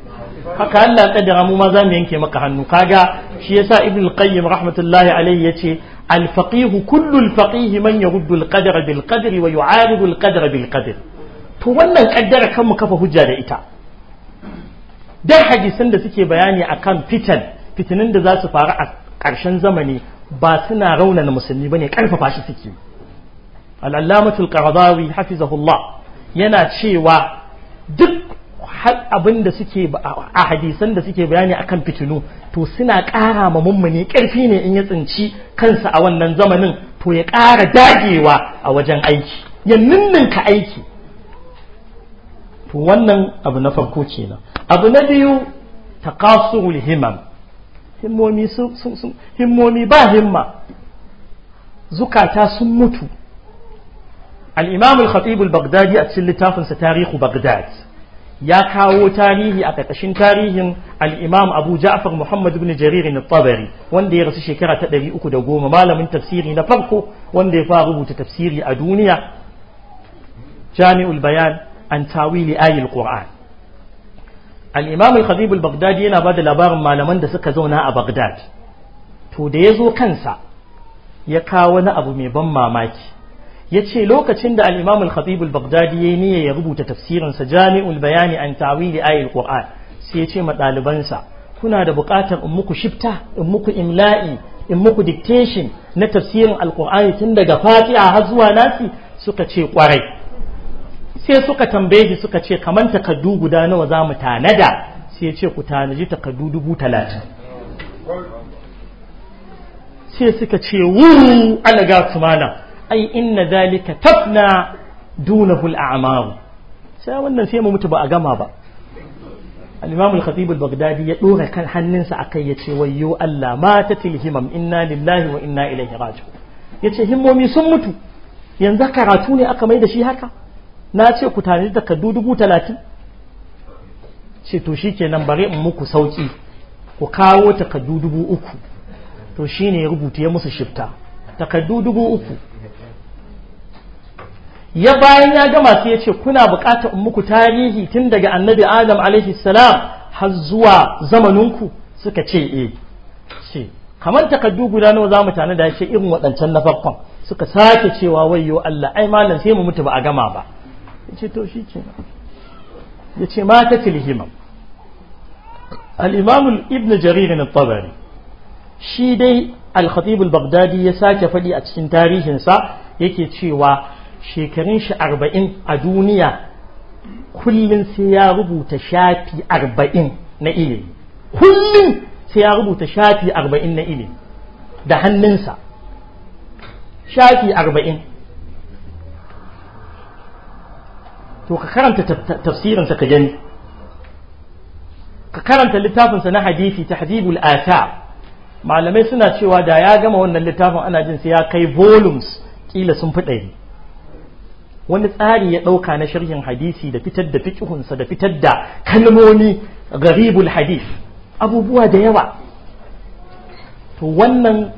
haka Allah ya kaddara mu ma za mu yanke maka hannu kaga shi yasa Ibn al-Qayyim rahmatullahi alayhi ya al-faqih kullu al-faqih man yuruddu al-qadra bil qadri wa yu'aridu al-qadra bil qadr to wannan kaddara kan mu kafa hujja da ita duk hadisan da suke bayani akan fitan fitinin da za su faru a ƙarshen zamani ba suna raunana musulmi bane karfafa shi suke al-allamatul qaradawi hafizahullah yana cewa duk abin da suke a hadisan da suke bayani akan fitinu to suna ƙara ma mummuni ƙarfi ne in ya tsinci kansa a wannan zamanin to ya ƙara dagewa a wajen aiki ya ninninka aiki to wannan abu na farko kenan abu na biyu ta himam himmomi himmomi ba himma zukata sun mutu al-imam al-khatib al-baghdadi a cikin littafinsa tarihu baghdad ya kawo tarihi a ƙarƙashin tarihin al-imam abu ja'far muhammad ibn jarir na tabari wanda ya rasu shekara ta 310 malamin tafsiri na farko wanda ya fara rubuta tafsiri a duniya jami'ul bayan an tawili ayil Qur'an al-Imam al-Khatib al-Baghdadi yana bada labarin malaman da suka zauna a Baghdad to da yazo kansa ya kawo wani abu mai ban mamaki yace lokacin da al-Imam al-Khatib al-Baghdadi yayi niyya ya rubuta tafsirin sa Jami'ul Bayani an tawili ayil Qur'an sai yace ma ɗalibansa kuna da buƙatar in muku shifta in muku imla'i in muku dictation na tafsirin alkur'ani tun daga fatiha har zuwa nasi suka ce kwarai sai suka tambaye shi suka ce kaman takardu guda nawa za mu tanada sai ce ku tanaji takardu dubu talatin sai suka ce wuru alaga su malam ai inna zalika tafna hul a'amaru sai wannan sai mu mutu ba a gama ba al-imam al-khatib al-baghdadi ya dora kan hannunsa akai yace wayyo Allah ma ta tilhimam inna lillahi wa inna ilaihi raji'un yace himmomi sun mutu yanzu karatu ne aka mai da shi haka na ce ku da takardu dubu talatin ce to shi nan bari in muku sauki ku kawo takardu dubu uku to shi ne ya rubuta ya musu shifta takardu dubu uku ya bayan ya gama sai ya ce kuna bukata in muku tarihi tun daga annabi adam alaihi salam har zuwa zamaninku suka ce eh ce kamar takardu guda nawa za mu tana da ce irin waɗancan na farkon suka sake cewa yo Allah ai malam sai mu mutu ba a gama ba ce to shi ke ya ce mata tilhimam al'imamu ibn jaririn tabari shi dai al-khatibul baghdadi ya sake faɗi a cikin tarihinsa yake cewa shekarun shi arba'in a duniya kullum sai ya rubuta shafi arba'in na ilimi kullum sai ya rubuta shafi arba'in na ilimi da hannunsa shafi arba'in to ka karanta tafsirinsa ka gani ka karanta littafinsa na hadisi tahdibul ata malamai suna cewa da ya gama wannan littafin ana jin sai ya kai volumes kila sun fi wani tsari ya ɗauka na sharhin hadisi da fitar da fiƙihunsa da fitar da kalmomi garibul hadis abubuwa da yawa to wannan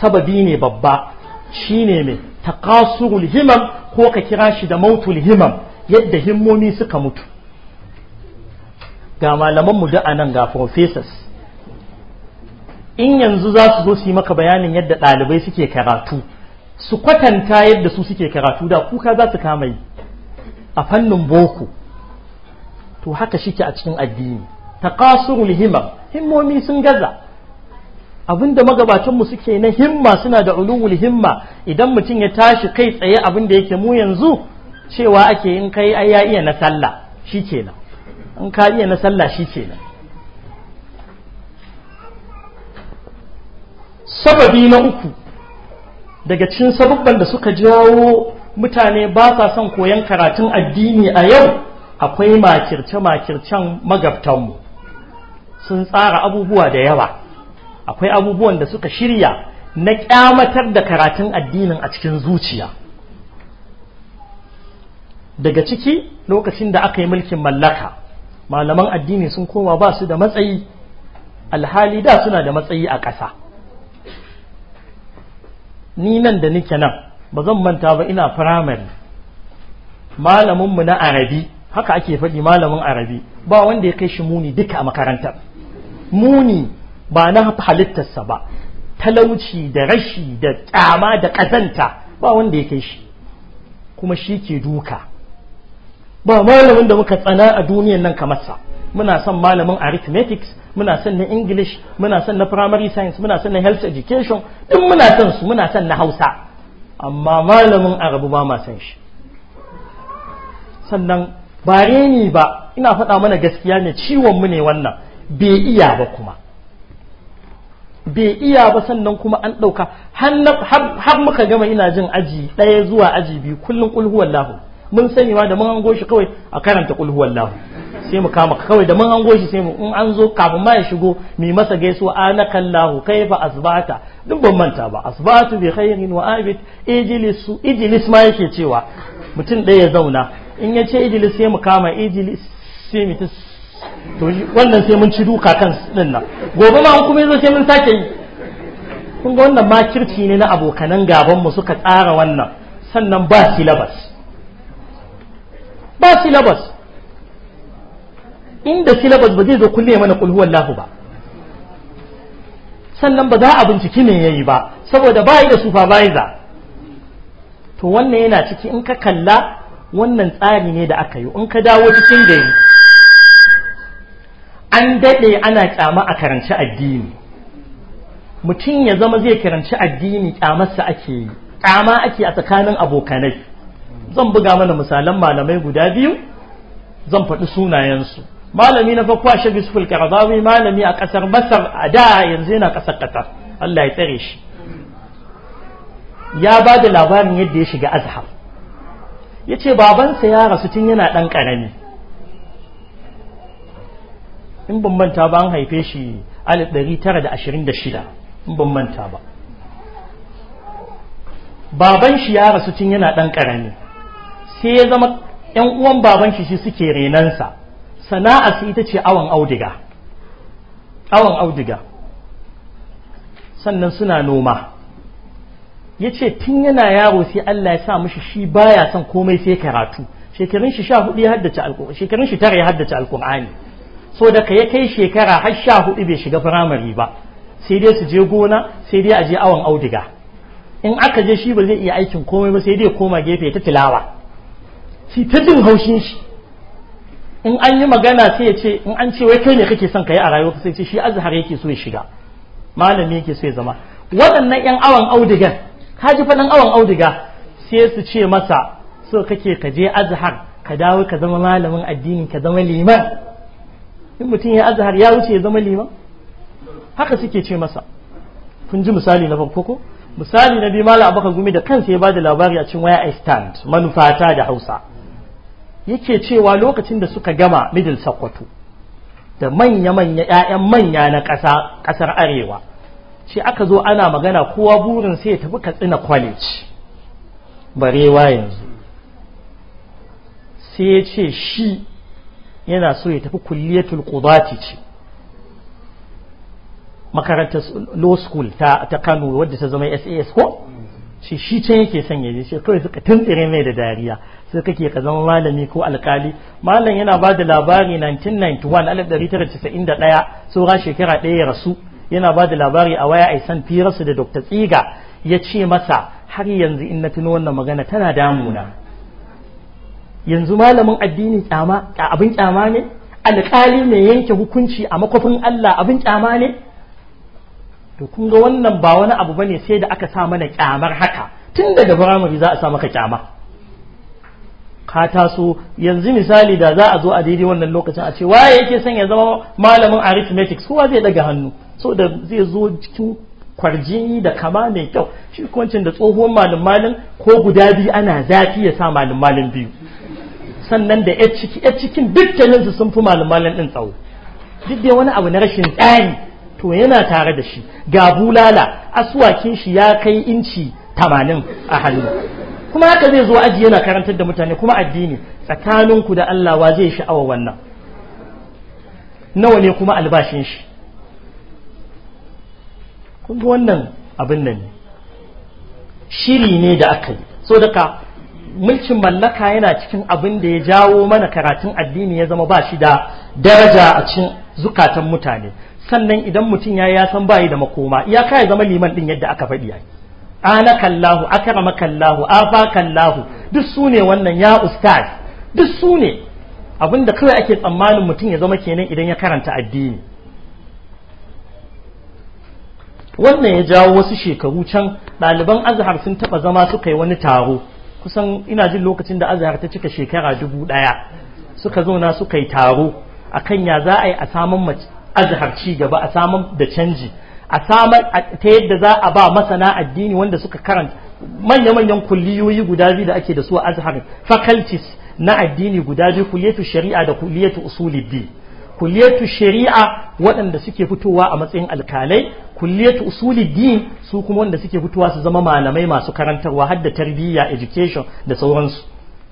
sababi ne babba shine mai taqasurul himam ko ka kira shi da mautul himam yadda himmomi suka mutu ga malaman mu da nan ga professors in yanzu za su zo su yi maka bayanin yadda ɗalibai suke karatu su kwatanta yadda su suke karatu da kuka za su kama yi a fannin boko to haka shike a cikin addini taqasurul himam himmomi sun gaza da magabatanmu suke na himma suna da uluwul himma idan mutum ya tashi kai tsaye abin da yake mu yanzu cewa ake in kai ai ya iya na sallah shikenan in ka iya na sallah shikenan sababi na uku daga cikin sababban da suka jawo mutane ba sa son koyan karatun addini a yau akwai makirce-makircen magabtanmu sun tsara abubuwa da yawa akwai abubuwan da suka shirya na kyamatar da karatun addinin a cikin zuciya daga ciki lokacin da aka yi mulkin mallaka malaman addini sun koma ba su da matsayi alhali da suna da matsayi a ƙasa ni nan da nike nan ba zan manta ba ina firamare malaminmu na arabi haka ake faɗi malamin arabi ba wanda ya kai shi muni duka a makarantar muni ba na halittarsa ba talauci da rashi da kyama da ƙazanta ba wanda ya kai shi kuma shi ke duka ba malamin da muka tsana a duniyan nan kamarsa muna son malamin arithmetics muna son na english muna son na primary science muna son na health education duk muna son su muna son na hausa amma malamin arabu ba ma son shi sannan ba reni ba ina faɗa mana gaskiya ne ciwon mu ne wannan bai iya ba kuma bai iya ba sannan kuma an ɗauka har muka gama ina jin aji ɗaya zuwa aji biyu kullum kulhuwan lahu mun sani ma da mun hango shi kawai a karanta kulhuwan lahu sai mu kama kawai da mun hango shi sai mu in an zo kafin ma ya shigo mai masa gaisuwa anakan lahu fa asbata duk ban manta ba asbatu bi khairin wa abid ijlis ijlis ma yake cewa mutum ɗaya ya zauna in ya ce ijlis sai mu kama ijlis sai mu to wannan sai mun ci duka kan din nan gobe ma kuma yazo sai mun sake yi kun ga wannan makirci ne na abokanan gaban mu suka tsara wannan sannan ba syllabus ba syllabus inda syllabus ba zai zo kulle mana kul huwallahu ba sannan ba za a binciki me yayi ba saboda bayi da supervisor to wannan yana ciki in ka kalla wannan tsari ne da aka yi in ka dawo cikin gari an daɗe ana ƙyama a karanci addini mutum ya zama zai karanci addini kyamarsa ake yi kyama ake a tsakanin abokanai zan buga mana misalan malamai guda biyu zan faɗi sunayensu malami na farko shi shabi karzawi malami a ƙasar masar a da yanzu yana ƙasar ƙasar allah ya tsare shi ya ba da labarin yadda ya shiga azhar ya ce babansa ya rasu tun yana ɗan ƙarami in ban ba an haife shi shida in ban ba baban shi ya rasu tun yana ɗan ƙarami sai ya zama ‘yan uwan baban shi suke renansa sana'a su ita ce awon audiga awon audiga sannan suna noma ya ce tun yana yaro sai Allah ya sa mishi shi baya son komai sai karatu shekarun shi sha hudu ya haddace alkur'ani shekarun shi tara ya haddace alkur'ani so da ka ya kai shekara har sha hudu bai shiga firamare ba sai dai su je gona sai dai a je awon audiga in aka je shi ba zai iya aikin komai ba sai dai koma gefe ta tilawa shi ta jin haushin shi in an yi magana sai ya ce in an ce wai kai ne kake son ka yi a rayuwa sai ce shi azhar yake so ya shiga malami yake so ya zama waɗannan yan awon audigan ka ji faɗin awon audiga sai su ce masa so kake ka je azhar ka dawo ka zama malamin addini ka zama liman in mutum ya azhar ya wuce ya zama liman haka suke ce masa kun ji misali na farko ko misali na biyu malam abaka gumi da kansa ya bada labari a cikin waya stand manufata da hausa yake cewa lokacin da suka gama middle sakwato da manya-manya 'ya'yan manya na ƙasar arewa shi aka zo ana magana kowa burin sai ya tafi katsina college barewa yanzu sai ya ce shi yana so ya tafi kulliyatul qudati ce makarantar law school ta ta Kano wadda ta zama SAS ko shi shi can yake son ya je shi kawai suka tuntsire mai da dariya sai kake ka zama malami ko alkali malam yana ba da labari 1991 saura shekara ɗaya ya rasu yana ba da labari a waya ai san firarsu da Dr. Tsiga ya ce masa har yanzu in na tuno wannan magana tana damuna yanzu malamin addini kyama abin kyama ne alƙali mai yanke hukunci a makofin Allah abin kyama ne to kun ga wannan ba wani abu bane sai da aka sa mana kyamar haka tun daga firamare za a sa maka kyama ka taso yanzu misali da za a zo a daidai wannan lokacin a ce waye yake son ya zama malamin arithmetic kowa zai daga hannu so da zai zo cikin kwarjini da kama mai kyau shi kwancin da tsohon malin malin ko guda biyu ana zafi ya sa malin malin biyu sannan da yar ciki yar cikin dukkanin su sun fi malamalan din tsawo duk da wani abu na rashin tsari to yana tare da shi ga bulala asuwakin shi ya kai inci tamanin a hannu kuma haka zai zo aji yana karantar da mutane kuma addini tsakaninku da Allah wa zai sha'awa wannan nawa ne kuma albashin shi kun wannan abin nan ne shiri ne da aka yi so daga mulkin mallaka yana cikin abin da ya jawo mana karatun addini ya zama ba shi da daraja a cikin zukatan mutane sannan idan mutum ya ya san bayi da makoma ya kai zama liman din yadda aka faɗi yayi ana kallahu akrama kallahu afa kallahu duk su wannan ya ustaz duk su ne abin kawai ake tsammanin mutum ya zama kenan idan ya karanta addini wannan ya jawo wasu shekaru can ɗaliban azhar sun taɓa zama suka yi wani taro kusan ina jin lokacin da azhar ta cika shekara dubu ɗaya suka zauna suka yi taro a kan ya za a yi a samun azhar ci gaba a samun da canji a saman ta yadda za a ba masana addini wanda suka karanta manya-manyan kulliyoyi guda biyu da ake da su a azhar faculties na addini guda biyu kulliyatu shari'a da kulliyatu usuli biyu kulliyatu shari'a waɗanda suke fitowa a matsayin alkalai usuli din su kuma wanda suke fitowa su zama malamai masu karantarwa har da tarbiyya education da sauransu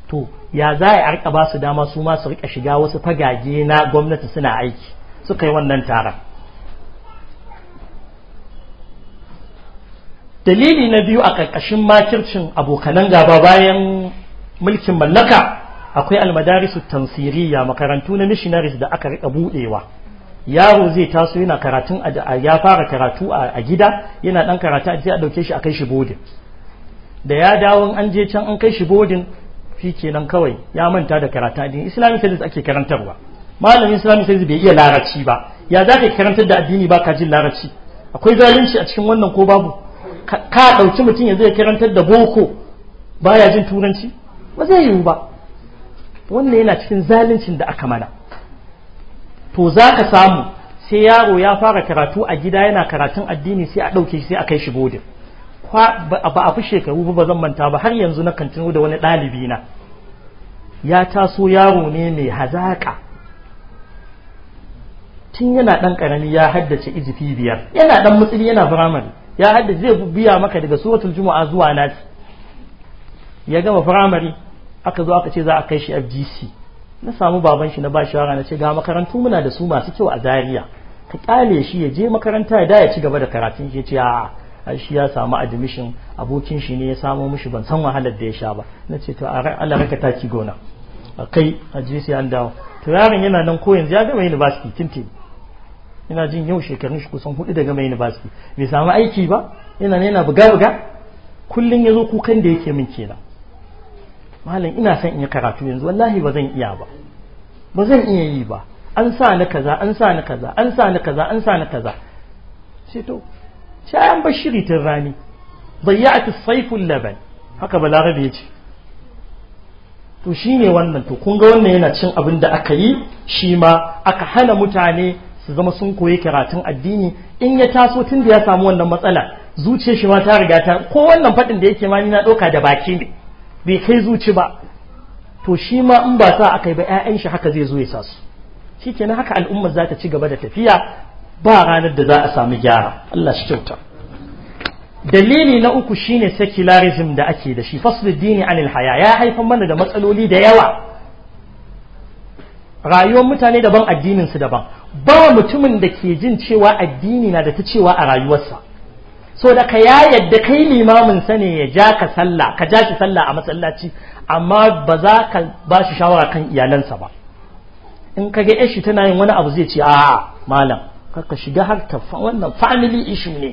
to ya za a arka ba su dama su ma su rika shiga wasu fagage na gwamnati suna aiki suka yi wannan taron dalili na biyu a ƙarƙashin makircin abokanan gaba bayan mulkin mallaka akwai almadarisu tamsiriya makarantu na missionaries da aka rika budewa yaro zai taso yana karatun ya fara karatu a gida yana dan karatu a a dauke shi a kai shi bodin da ya dawo an je can an kai shi bodin fi kenan kawai ya manta da karatu din islamic studies ake karantarwa malamin islamic studies bai iya larabci ba ya za ka karantar da addini ba ka jin larabci akwai zalunci a cikin wannan ko babu ka dauki mutum ya zai karantar da boko baya jin turanci ba zai yiwu ba wannan yana cikin zaluncin da aka mana to za ka samu sai yaro ya fara karatu a gida yana karatun addini sai a ɗauke shi sai a kai shi godin ba a fi shekaru ba zan manta ba har yanzu na kan da wani ɗalibi na ya taso yaro ne mai hazaƙa tun yana ɗan ƙarami ya haddace izifi biyar yana ɗan mutsiri yana firamare ya haddace zai biya maka daga suratul juma'a zuwa nasi ya gama firamare aka zo aka ce za a kai shi FGC na samu baban shi na ba shawara na ce ga makarantu muna da su masu kyau a Zaria ka kyale shi ya je makaranta da ya ci gaba da karatun shi ya ce a shi ya samu admission abokin shi ne ya samo mishi ban san wahalar da ya sha ba na ce to a Allah raka taki gona a kai a je sai an dawo to yaron yana nan ko yanzu ya gama university tinti ina jin yau shekarun shi kusan hudu da gama university bai samu aiki ba yana ne yana buga buga kullun yazo kukan da yake min kenan malam ina son in yi karatu yanzu wallahi ba zan iya ba ba zan iya yi ba an sa ni kaza an sa ni kaza an sa ni kaza an sa ni kaza sai to sai an shiri tun rani dayya'at as-sayful laban haka balarabe yace to shine wannan to kun ga wannan yana cin abin da aka yi shi ma aka hana mutane su zama sun koyi karatun addini in ya taso tun da ya samu wannan matsala zuciyar shi ma ta riga ta ko wannan faɗin da yake ma ni na ɗauka da baki ne bai kai zuci ba to shi ma in ba sa aka yi ba 'ya'yan shi haka zai zo ya sa su shi kenan haka al'ummar za ta ci gaba da tafiya ba ranar da za a sami gyara Allah shi kyauta dalili na uku shine secularism da ake da shi fasl dini anil haya ya haifar mana da matsaloli da yawa rayuwar mutane daban addinin su daban ba mutumin da ke jin cewa addini na da ta cewa a rayuwarsa so da ka ya yadda kai limamin sa ne ya ja ka sallah ka ja shi sallah a masallaci amma ba za ka ba shi shawara kan iyalansa ba in ka ga yashi tana yin wani abu zai ce a malam ka shiga har ta wannan family issue ne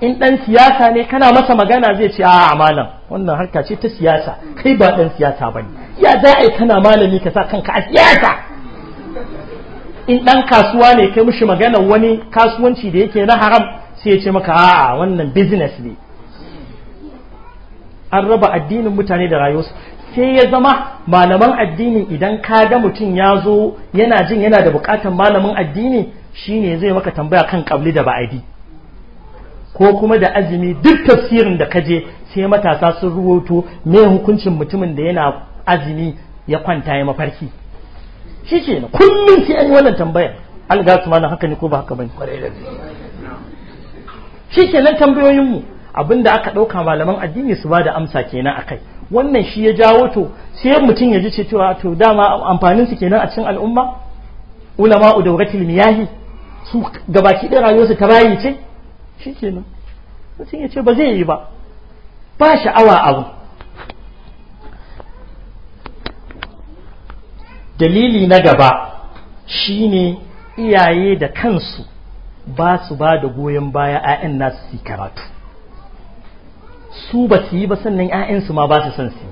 in dan siyasa ne kana masa magana zai ce a malam wannan harka ce ta siyasa kai ba dan siyasa bane ya za a yi kana malami ka sa kanka a siyasa in dan kasuwa ne kai mishi magana wani kasuwanci da yake na haram sai ya ce maka a wannan business ne an raba addinin mutane da rayuwarsu sai ya zama malaman addinin idan ka ga mutum ya zo yana jin yana da bukatan malamin addini shine zai maka tambaya kan kabli da ba'adi ko kuma da azumi duk tafsirin da kaje sai matasa sun rubuto me hukuncin mutumin da yana azumi ya kwanta ya mafarki shi na kullum sai an yi wannan tambayar algasu ma na haka ne ko ba haka bane kwarai da shi kenan tambayoyinmu abinda aka ɗauka malaman addini su ba da amsa kenan akai wannan shi ya jawo to sai mutum ya ji ce cewa to dama amfanin su kenan a cikin al'umma ulama wakil miyahi su gabaki ɗaya rayuwarsa ta bayi ce shi kenan mutum ya ce ba zai yi ba ba sha'awa abu dalili na gaba shine iyaye da kansu ba su ba da goyon baya 'ya'yan nasu su karatu su ba su yi ba sannan 'ya'yansu ma ba su son su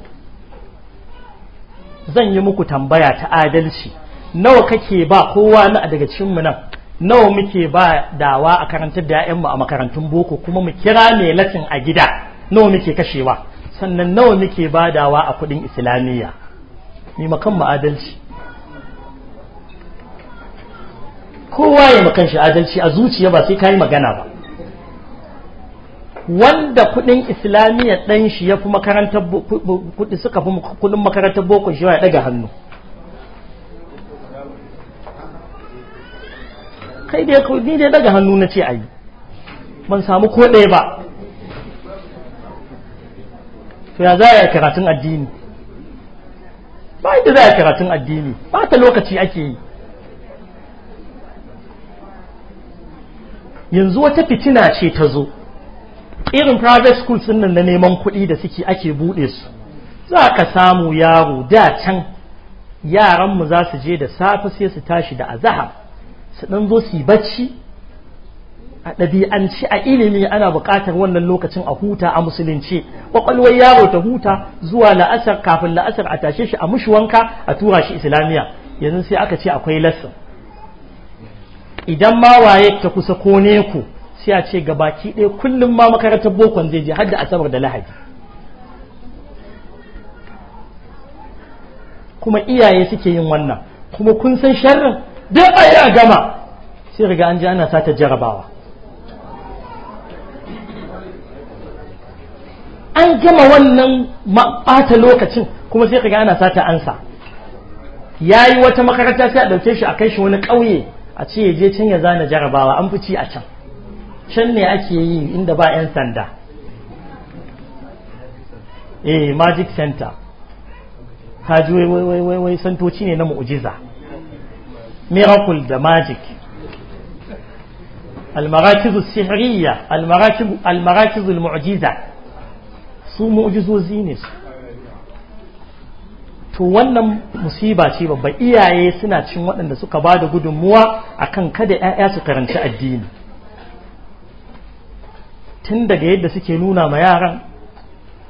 zan yi muku tambaya ta adalci nawa kake ba kowa na daga cikinmu nan nawa muke ba dawa a karantar da mu a makarantun boko kuma mu kira mai latin a gida nawa muke kashewa sannan nawa muke ba badawa a kudin islamiyya ni makan mu adalci kowa ya makan shi adalci a zuciya ba sai ka yi magana ba wanda kudin islamiyya dan shi ya fi makarantar kudi suka fi kudin makarantar boko shi ya daga hannu kai da ya ni dai daga hannu na ce ayi ban samu ko ɗaya ba to ya za a karatun addini ba yadda za a karatun addini ba ta lokaci ake yi yanzu wata fitina ce ta zo irin private schools din nan na neman kuɗi da suke ake buɗe su za ka samu yaro da can yaranmu za su je da safe sai su tashi da azahar su ɗan zo su yi bacci a ɗabi'anci a ilimi ana buƙatar wannan lokacin a huta a musulunci ƙwaƙwalwar yaro ta huta zuwa la'asar kafin la'asar a tashe shi a mushi wanka a tura shi islamiyya yanzu sai aka ce akwai lesson idan ma waye ta kusa ko ne ku sai a ce gabaki ɗaya kullum ma makarantar bokon zai je har da asabar da lahadi kuma iyaye suke yin wannan kuma kun san sharrin duk a a gama sai riga an ji ana sata jarabawa an gama wannan ɓata lokacin kuma sai riga ana sata ansa ya yi wata makaranta sai a ɗauke shi a kai shi wani ƙauye a ce ya je can ya zana jarabawa an fi ci a can can ne ake yi inda ba 'yan sanda eh magic center kaji wai wai wai wai santoci ne na mu'ujiza miracle da magic المراكز السحرية المراكز المراكز su mu'jizozi ne su to wannan musiba ce babba iyaye suna cin waɗanda suka ba da gudunmuwa kan kada 'ya'ya su karanci addini tun daga yadda suke nuna ma yaran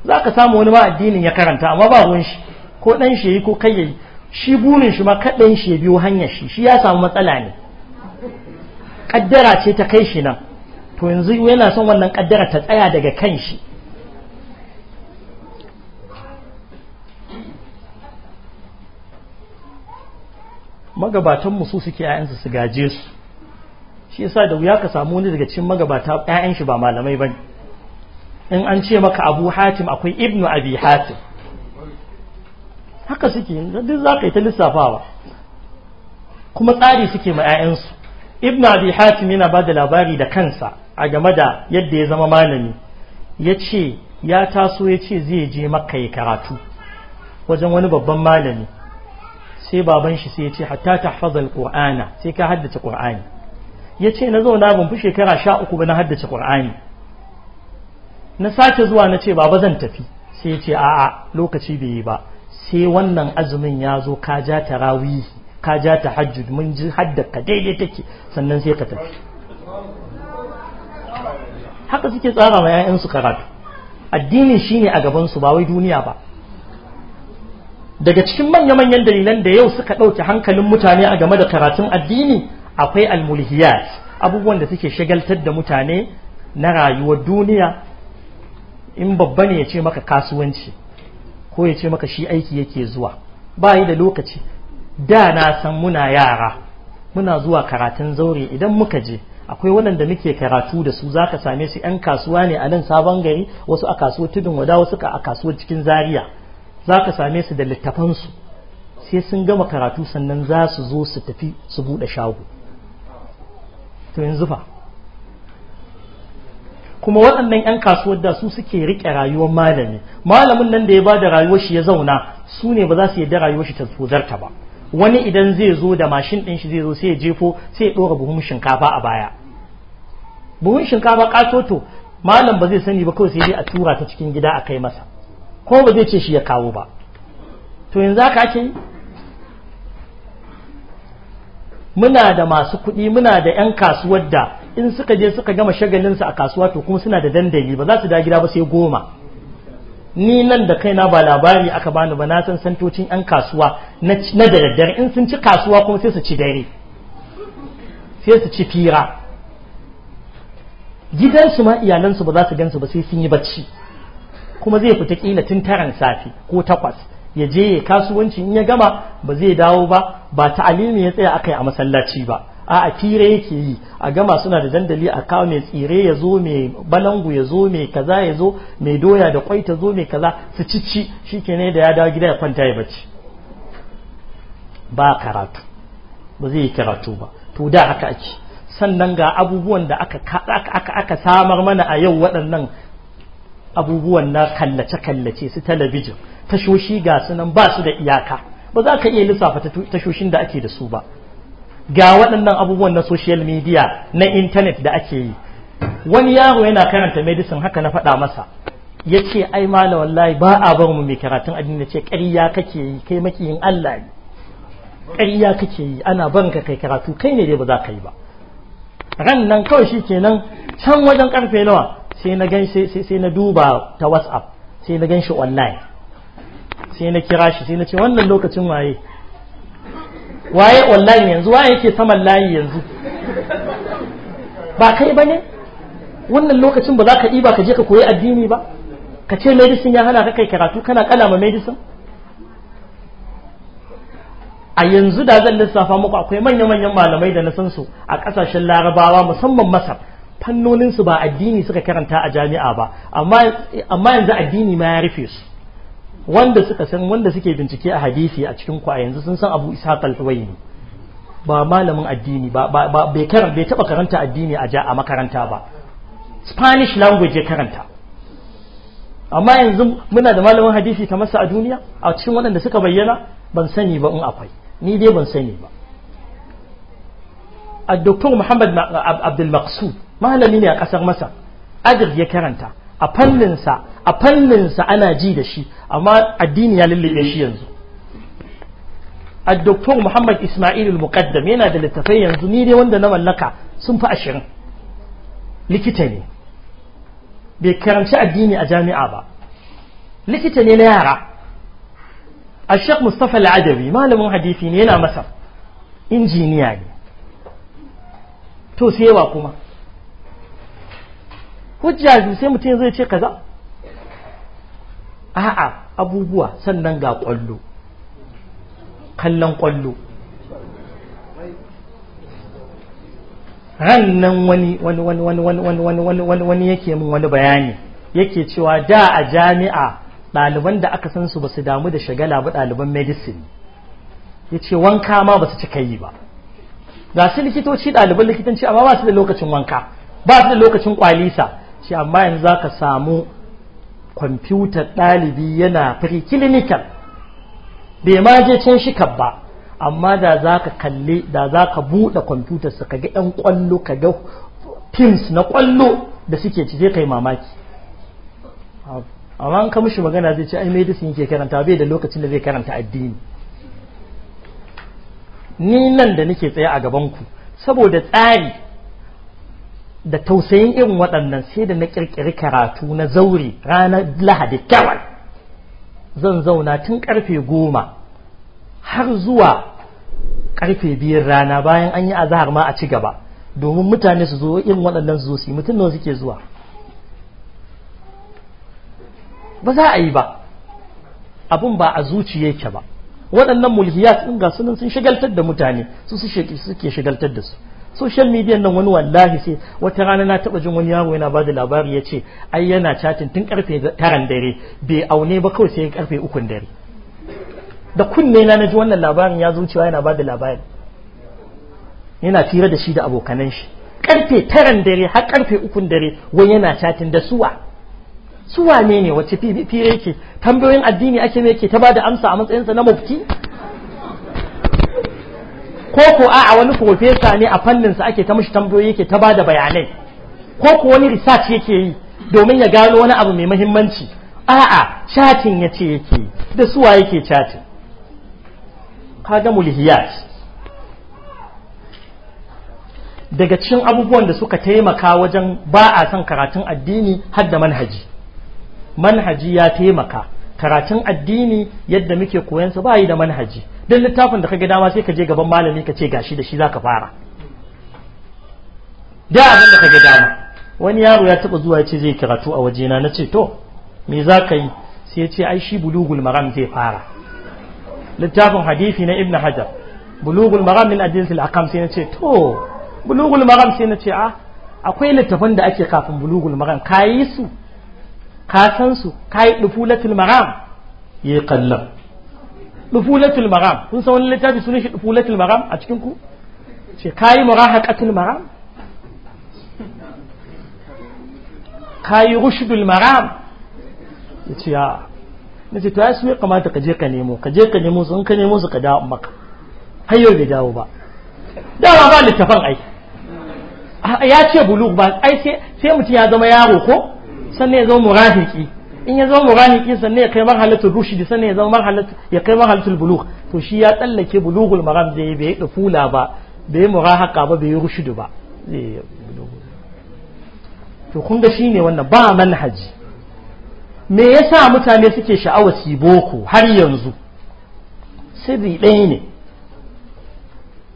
za ka samu wani ma addinin ya karanta amma ba ruwan shi ko ɗan shi yi ko kai yayi shi burin shi ma kaɗan shi ya biyo hanyar shi shi ya samu matsala ne ƙaddara ce ta kai shi nan to yanzu yana son wannan ƙaddara ta tsaya daga kan shi magabatan musu su suke ƴaƴansu su gaje su shi yasa da wuya ka samu wani daga cikin magabata ƴaƴan shi ba malamai bane in an ce maka Abu Hatim akwai Ibnu Abi Hatim haka suke duk za yi ta lissafawa kuma tsari suke ma 'ya'yansu Ibnu Abi Hatim yana bada labari da kansa a game da yadda ya zama malami yace ya taso yace zai je makka ya karatu wajen wani babban malami sai baban shi sai ya ce hatta tahfazal qur'ana sai ka haddace qur'ani yace na zauna ban fi shekara sha uku ba na haddace qur'ani na sake zuwa na ce baba zan tafi sai ya ce a'a lokaci bai yi ba sai wannan azumin ya zo ka ja rawihi ka ja ta hajjud mun ji haddaka daidai take sannan sai ka tafi haka suke tsara ma 'ya'yansu karatu addini shine a gaban su ba wai duniya ba daga cikin manya-manyan dalilan da yau suka ɗauke hankalin mutane a game da karatun addini akwai almulhiyat abubuwan da suke shagaltar da mutane na rayuwar duniya in babba ne ya ce maka kasuwanci ko ya ce maka shi aiki yake zuwa ba yi da lokaci da na san muna yara muna zuwa karatun zaure idan muka je akwai waɗanda muke karatu da su za ka same su 'yan kasuwa ne a nan sabon gari wasu a kasuwar tudun wada wasu a kasuwar cikin zaria za ka same su da littafansu sai sun gama karatu sannan za su zo su tafi su buɗe shago to yanzu fa kuma waɗannan 'yan kasuwar da su suke riƙe rayuwar malami malamin nan da ya ba da rayuwar shi ya zauna su ne ba za su yi da rayuwar shi ta tsozarta ba wani idan zai zo da mashin ɗin shi zai zo sai ya jefo sai ya ɗora buhun shinkafa a baya buhun shinkafa ƙatoto malam ba zai sani ba kawai sai dai a tura ta cikin gida a kai masa ko ba zai ce shi ya kawo ba to yanzu haka ake muna da masu kuɗi muna da 'yan kasuwar da in suka je suka gama shagalinsu a kasuwa to kuma suna da dandali ba za su da gida ba sai goma ni nan da kaina ba labari aka bani ba na san santocin 'yan kasuwa na da daddare in sun ci kasuwa kuma sai su ci dare sai su ci fira gidansu ma iyalansu ba za su gansu ba sai sun yi bacci kuma zai fita kila tun taran safi ko takwas ya je ya kasuwanci in ya gama ba zai dawo ba ba ta'alimi ya tsaya akai a masallaci ba a a fire yake yi a gama suna da dandali a kawo mai tsire ya zo mai balangu ya zo mai kaza ya zo mai doya da kwai ta zo mai kaza su cici ne da ya dawo gida ya kwanta ya bacci ba karatu ba zai yi karatu ba to da haka ake sannan ga abubuwan da aka samar mana a yau waɗannan abubuwan na kallace-kallace su talabijin tashoshi ga sunan ba su da iyaka ba za ka iya lissafa tashoshin da ake da su ba ga waɗannan abubuwan na social media na intanet da ake yi wani yaro yana karanta medicine haka na faɗa masa ya ce ai mala wallahi ba a bar mu mai karatun addini ce ƙarya kake yi kai makiyin Allah ne ƙarya kake yi ana barin ka kai karatu kai ne dai ba za ka yi ba ran nan kawai shi kenan can wajen karfe nawa sai na gan sai na duba ta whatsapp sai na gan shi online sai na kira shi sai na ce wannan lokacin waye waye online yanzu waye yake saman layi yanzu ba kai ba ne wannan lokacin ba za ka ɗiba ka je ka koyi addini ba ka ce medicine ya hana ka kai karatu kana kalama medicine a yanzu da zan lissafa muku akwai manya-manyan malamai da na san su a kasashen larabawa musamman masar fannonin su ba addini suka karanta a jami'a ba amma yanzu addini ma ya rufe su wanda suka san wanda suke bincike a hadisi a cikin ku a yanzu sun san Abu Isa al ne. ba malamin addini ba bai karanta bai taba karanta addini a ja a makaranta ba Spanish language ya karanta amma yanzu muna da malamin hadisi ta masa a duniya a cikin waɗanda suka bayyana ban sani ba in akwai ni dai ban sani ba الدكتور muhammad عبد المقصود malami ne a ƙasar masar adir ya karanta a fanninsa a fanninsa ana ji da shi amma addini ya lullube shi yanzu الدكتور Muhammad Isma'il Muqaddam yana da littafai yanzu ni dai wanda na mallaka sun fi ashirin likita ne bai karanci addini a jami'a ba likita ne na yara a shek mustapha al'adabi malamin hadisi ne yana masar injiniya ne to sai kuma hujja biyu sai mutum zai ce kaza a'a abubuwa sannan ga kwallo kallon kwallo ran nan wani wani wani wani wani wani wani wani wani wani yake min wani bayani yake cewa da a jami'a ɗaliban da aka san su ba su damu da shagala ba ɗaliban medicine yace wanka ma ba su cika yi ba ga su likitoci ɗaliban likitanci amma ba su da lokacin wanka ba su da lokacin kwalisa shi amma yanzu za ka samu kwamfutar ɗalibi yana firi clinical bai ma je can shika ba amma da za ka kalli da za ka buɗe kwamfutar su ka ga 'yan ƙwallo ka ga pins na ƙwallo da suke ci kai mamaki amma an ka mushi magana zai ce ai medicine yake karanta bai da lokacin da zai karanta addini ni nan da nake tsaye a gaban ku saboda tsari da tausayin irin waɗannan sai da na ƙirƙiri karatu na zaure ranar lahadi kawai zan zauna tun ƙarfe goma har zuwa ƙarfe biyar rana bayan an yi azahar ma a ci gaba domin mutane su zo irin waɗannan zo su mutum nawa suke zuwa ba za a yi ba abin ba a zuciya yake ba waɗannan mulhiyat ɗin ga sunan sun shigaltar da mutane su suke shigaltar da su social media nan wani wallahi sai wata rana na taba jin wani yaro yana ba da labari ya ce ai yana chatting tun karfe taran dare bai aune ba kawai sai karfe ukun dare da kunne na naji wannan labarin ya zo cewa yana bada labari yana tira da shi da abokanan shi karfe taran dare har karfe ukun dare wani yana chatting da suwa suwa ne ne wacce fire yake tambayoyin addini ake ne yake ta ba da amsa a matsayinsa na mufti ko ko a wani profesa ne a fannin sa ake ta mishi tambayoyi yake ta bada bayanai ko ko wani research yake yi domin ya gano wani abu mai muhimmanci a'a chatting yace yake da suwa yake chatting kaga mulhiyat daga cikin abubuwan da suka taimaka wajen ba a son karatun addini har da manhaji manhaji ya taimaka karatun addini yadda muke koyan sa ba yi da manhaji dan littafin da kage dama sai ka je gaban malami ka ce gashi da shi zaka fara da abin da kage dama wani yaro ya taba zuwa ya ce zai karatu a waje na nace to me za ka yi sai ya ce ai shi bulugul maram zai fara littafin hadisi na ibn hajar bulugul maram min adilsi al-aqam sai na ce to bulugul maram sai na a ah, akwai littafin da ake kafin bulugul maram kayi su ka san su ka kai dufulatul maram ya kallon dufulatul maram kun san wani littafi sunan shi dufulatul maram a cikin ku ce kai murahaqatul maram Ka kai rushdul maram yace ya nace to ya su kamata ka je ka nemo ka je ka nemo su in ka nemo su ka dawo maka har yau bai dawo ba dama ba littafan ai ya ce bulugh ba ai sai mutum ya zama yaro ko sannan ya zama murahiki in ya zama murahiki sannan ya kai marhalatul rushd sannan ya zama marhalatul ya kai marhalatul bulugh to shi ya tsallake bulughul maram da bai fula ba bai murahaka ba bai rushd ba to kun da shine wannan ba manhaji me yasa mutane suke sha'awar boko har yanzu sirri ɗaya ne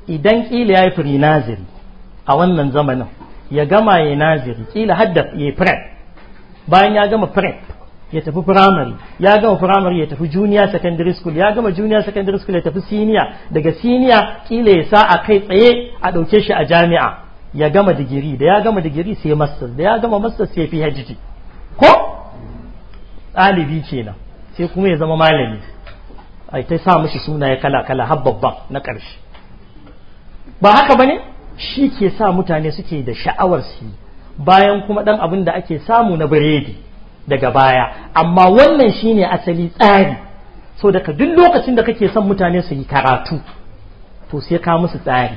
idan kila ya yi firi naziri a wannan zamanin ya gama ya naziri kila hadda ya yi prep bayan ya gama prep ya tafi primary ya gama primary ya tafi junior secondary school ya gama junior secondary school ya tafi senior daga senior kila ya sa a kai tsaye a ɗauke shi a jami'a ya gama digiri da ya gama digiri sai masters da ya gama masters sai PhD ko ɗalibi kenan sai kuma ya zama malami ai ta sa mishi sunaye kala kala har babban na karshe ba haka bane shi ke sa mutane suke da sha'awar su yi bayan kuma ɗan abin da ake samu na biredi daga baya amma wannan shine asali tsari so daga duk lokacin da kake son mutane su yi karatu to sai ka musu tsari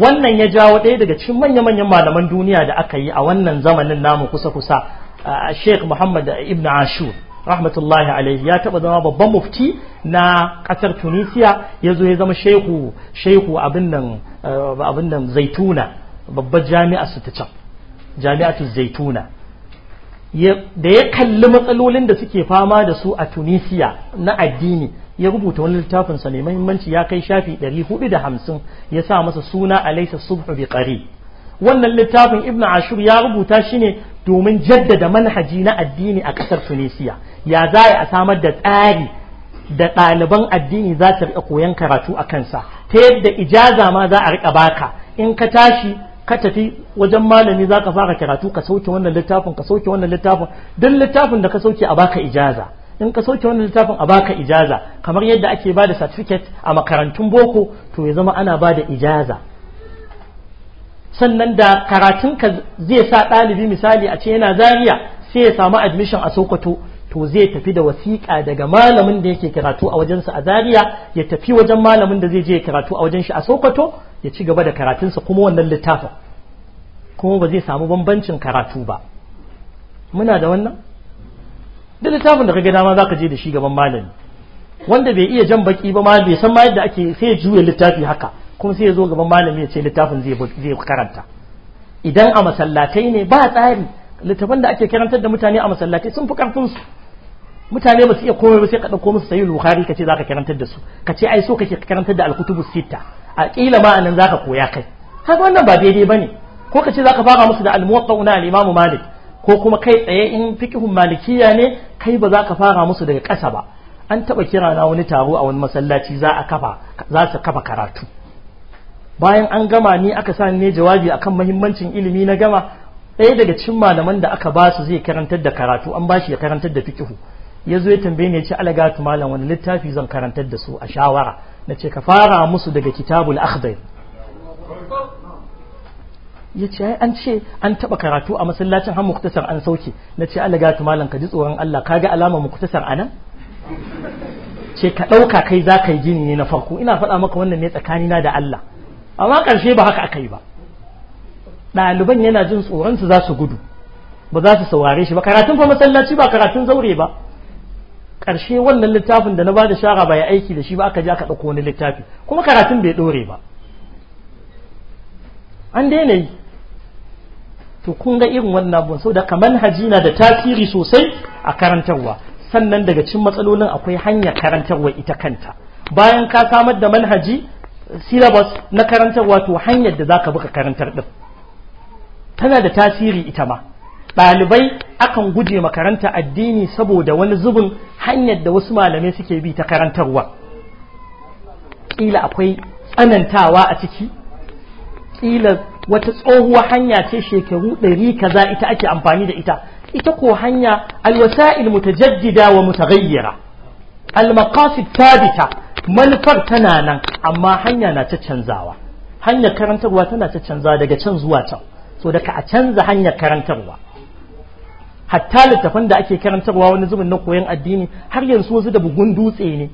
wannan ya jawo ɗaya daga cikin manya-manyan malaman duniya da aka yi a wannan zamanin namu kusa-kusa Sheikh Muhammad Ibn Ashur rahmatullahi alaihi ya taɓa zama babban mufti na ƙasar tunisia ya zo ya zama shehu shehu abin nan eh, zaituna babbar jami'ar su ta can jami'atu zaituna da ya kalli matsalolin da suke fama da su a tunisia na addini ya rubuta wani littafin sa mai muhimmanci ya kai shafi 450 ya sa masa suna alaisa subhu bi qari wannan littafin ibn ashur ya rubuta shi ne domin jaddada manhaji na addini a ƙasar tunisia ya za a samar da tsari da ɗaliban addini za su riƙa koyon karatu a kansa ta yadda ijaza ma za a riƙa baka in ka tashi ka tafi wajen malami za ka fara karatu ka sauke wannan littafin ka sauke wannan littafin don littafin da ka sauke a baka ijaza in ka sauke wannan littafin a baka ijaza kamar yadda ake ba da certificate a makarantun boko to ya zama ana ba da ijaza sannan da karatun ka zai sa ɗalibi misali a ce yana zariya sai ya samu admission a sokoto to zai tafi da wasiƙa daga malamin da yake karatu a wajensa a Zariya ya tafi wajen malamin da zai je karatu a wajen shi a Sokoto ya ci gaba da karatunsa kuma wannan littafin kuma ba zai samu bambancin karatu ba muna da wannan duk littafin da kaga dama zaka je da shi gaban malami wanda bai iya jan baki ba ma bai san ma yadda ake sai ya juya littafi haka kuma sai ya zo gaban malami ya ce littafin zai karanta idan a masallatai ne ba tsari littafin da ake karantar da mutane a masallatai sun fi karfin su mutane ba su iya komai ba sai ka dauko musu sayi bukhari ka ce za ka karantar da su ka ai so kake karantar da al al-kutubus sita a kila ma anan za koya kai har wannan ba daidai bane ko kace zaka fara musu da al almuwatta na alimamu malik ko kuma kai tsaye in fikihun malikiya ne kai ba za ka fara musu daga kasa ba an taba kira na wani taro a wani masallaci za a kafa za su kafa karatu bayan an gama ni aka sani ne jawabi akan muhimmancin ilimi na gama ɗaya daga cikin malaman da aka ba su zai karantar da karatu an ba shi ya karantar da fikihu ya zo ya tambaye ne ya ce alagatu malam wani littafi zan karantar da su a shawara na ce ka fara musu daga kitabul akhdar ya ce ai an ce an taba karatu a masallacin har muktasar an sauke na ce alagatu malam ka ji tsoron Allah ka ga alama muktasar anan ce ka ɗauka kai za ka yi gini ne na farko ina faɗa maka wannan ne tsakanina da Allah amma ƙarshe ba haka aka yi ba ɗaliban yana jin tsoron su za su gudu ba za su saurare shi ba karatun fa masallaci ba karatun zaure ba Karshe wannan littafin da na ba da shara ba ya aiki da shi ba aka ji aka ɗauko wani littafi kuma karatun bai ɗore ba an daina yi to kun ga irin wannan abubuwan sau da manhaji na da tasiri sosai a karantarwa sannan daga cin matsalolin akwai hanyar karantarwa ita kanta bayan ka samar da manhaji syllabus na karantarwa to hanyar da zaka buka karantar din tana da tasiri ita ma ɗalibai akan guje makaranta addini saboda wani zubin hanyar da wasu malamai suke bi ta karantarwa ƙila akwai tsanantawa a ciki ƙila wata tsohuwa hanya ce shekaru ɗari kaza ita ake amfani da ita ita ko hanya alwasa'il jaddida wa mutaghayyira almaqasid thabita manufar tana nan amma hanya na ta canzawa hanyar karantarwa tana ta canza daga can zuwa can so daga a canza hanyar karantarwa hatta littafan da ake karantarwa wani zubin na koyon addini har yanzu wasu da bugun dutse ne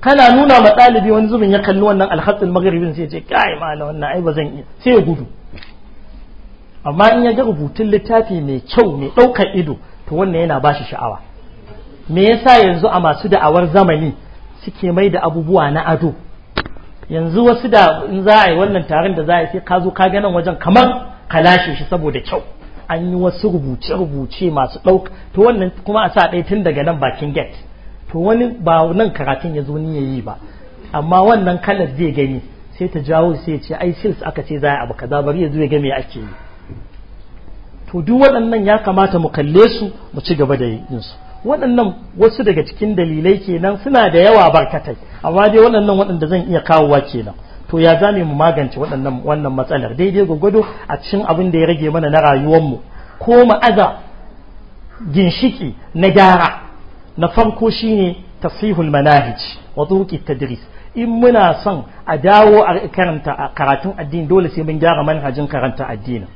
kana nuna ma ɗalibi wani zubin ya kalli wannan alhatsin magharibin sai ce kai mala wannan ai ba zan iya sai ya gudu amma in ya ga rubutun littafi mai kyau mai ɗaukar ido to wannan yana ba shi sha'awa me yasa yanzu a masu da'awar zamani suke mai da abubuwa na ado yanzu wasu da in za a yi wannan taron da za a yi sai ka zo ka ga nan wajen kamar ka lashe shi saboda kyau an yi wasu rubuce-rubuce masu ɗauka to wannan kuma a sa ɗaya tun daga nan bakin gate to wani ba nan karatun ya zo ni yayi ba amma wannan kalar zai gani sai ta jawo sai ce ai sils aka ce za a abu kaza bari ya zo ya ga me ake yi to duk waɗannan ya kamata mu kalle su mu ci gaba da yin su waɗannan wasu daga cikin dalilai kenan suna da yawa barkatai amma dai waɗannan waɗanda zan iya kawowa kenan to ya za mu magance waɗannan wannan matsalar daidai gwagwado a cikin abin da ya rage mana na rayuwarmu ko ma'aza ginshiki na gyara na farko shine tasihul manahij wa turuqi tadris in muna son a dawo a karanta a karatun addini dole sai mun gyara manhajin karanta addini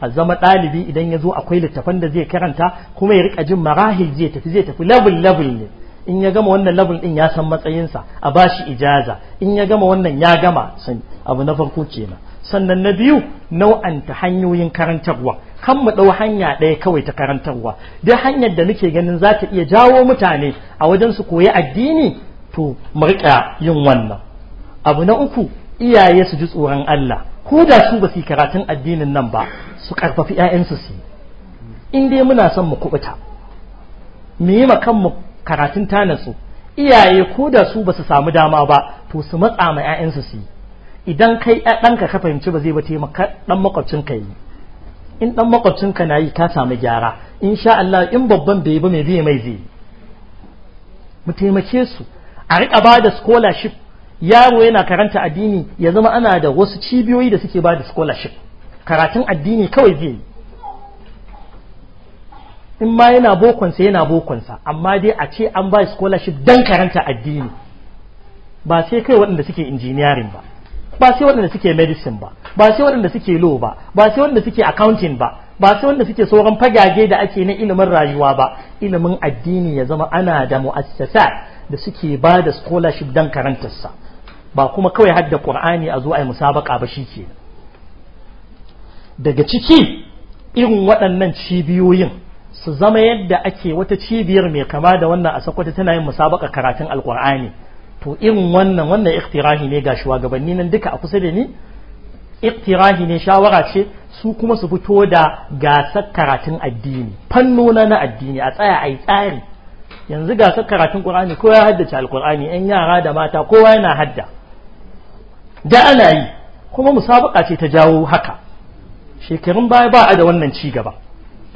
a zama ɗalibi idan ya zo akwai littafan da zai karanta kuma ya riƙa jin marahil zai tafi zai tafi level level ne in ya gama wannan level din ya san matsayinsa a bashi ijaza in ya gama wannan ya gama sani abu na farko kenan sannan na biyu nau'anta hanyoyin karantarwa kan mu ɗau hanya ɗaya kawai ta karantarwa duk hanyar da muke ganin za ta iya jawo mutane a wajen su koyi addini to mu riƙa yin wannan abu na uku iyaye su ji tsoron Allah ko da su ba su karatun addinin nan ba su karfafi 'ya'yansu su yi in dai muna son mu kubuta mu yi ma kanmu karatun ta iyaye ko da su ba su samu dama ba to su matsa ma 'ya'yansu su yi idan kai ɗanka ka fahimci ba zai ba taimaka ɗan makwabcinka yi in ɗan makwabcinka na yi ka samu gyara in sha Allah in babban bai ba mai biye mai zai mu taimake su a riƙa ba da scholarship yaro yana karanta addini ya zama ana da wasu cibiyoyi da suke ba da scholarship karatun addini kawai zai yi in ma yana bokonsa yana bokonsa amma dai a ce an ba scholarship dan karanta addini ba sai kai waɗanda suke engineering ba ba sai waɗanda suke medicine ba ba sai waɗanda suke law ba ba sai waɗanda suke accounting ba ba sai waɗanda suke sauran fagage da ake na ilimin rayuwa ba ilimin addini ya zama ana da mu'assasa da suke ba da scholarship dan karantarsa ba kuma kawai hadda qur'ani a zo ai musabaka ba shikenan daga ciki irin waɗannan cibiyoyin su zama yadda ake wata cibiyar mai kama da wannan a sakwata tana yin musabaka karatun alkur'ani to irin wannan wannan iktirahi ne ga shugabanni nan duka a kusa da ni iktirahi ne shawara ce su kuma su fito da gasar karatun addini fannona na addini a tsaya a yi tsari yanzu gasar karatun qur'ani kowa ya haddace alkur'ani yan yara da mata kowa yana hadda da ana yi kuma musabaka ce ta jawo haka shekarun baya ba a da wannan ci gaba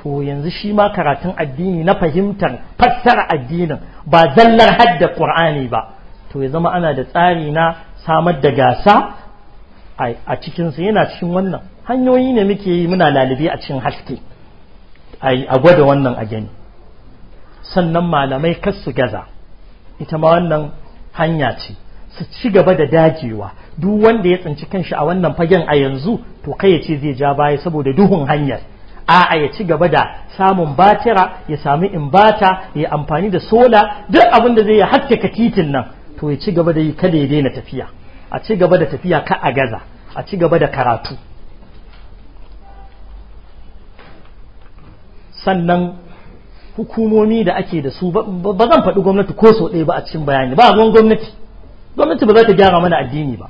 to yanzu shi ma karatun addini na fahimtar fassara addinin ba zallar hadda qur'ani ba to ya zama ana da tsari na samar da gasa a cikinsu yana cikin wannan hanyoyi ne muke yi muna lalibi a cikin haske a gwada wannan a gani sannan malamai kar su gaza ita ma wannan hanya ce su ci gaba da dajewa duk wanda ya tsinci kanshi a wannan fagen a yanzu to kai ya ce zai ja baya saboda duhun hanyar a'a ya ci gaba da samun batira ya sami imbata ya amfani da sola duk abin da zai ya haskaka titin nan to ya ci gaba da yi kada ya daina tafiya a ci gaba da tafiya ka a gaza a ci gaba da karatu sannan hukumomi da ake da su ba zan faɗi gwamnati ko sau ɗaya ba a cikin bayani ba ruwan gwamnati gwamnati ba za ta gyara mana addini ba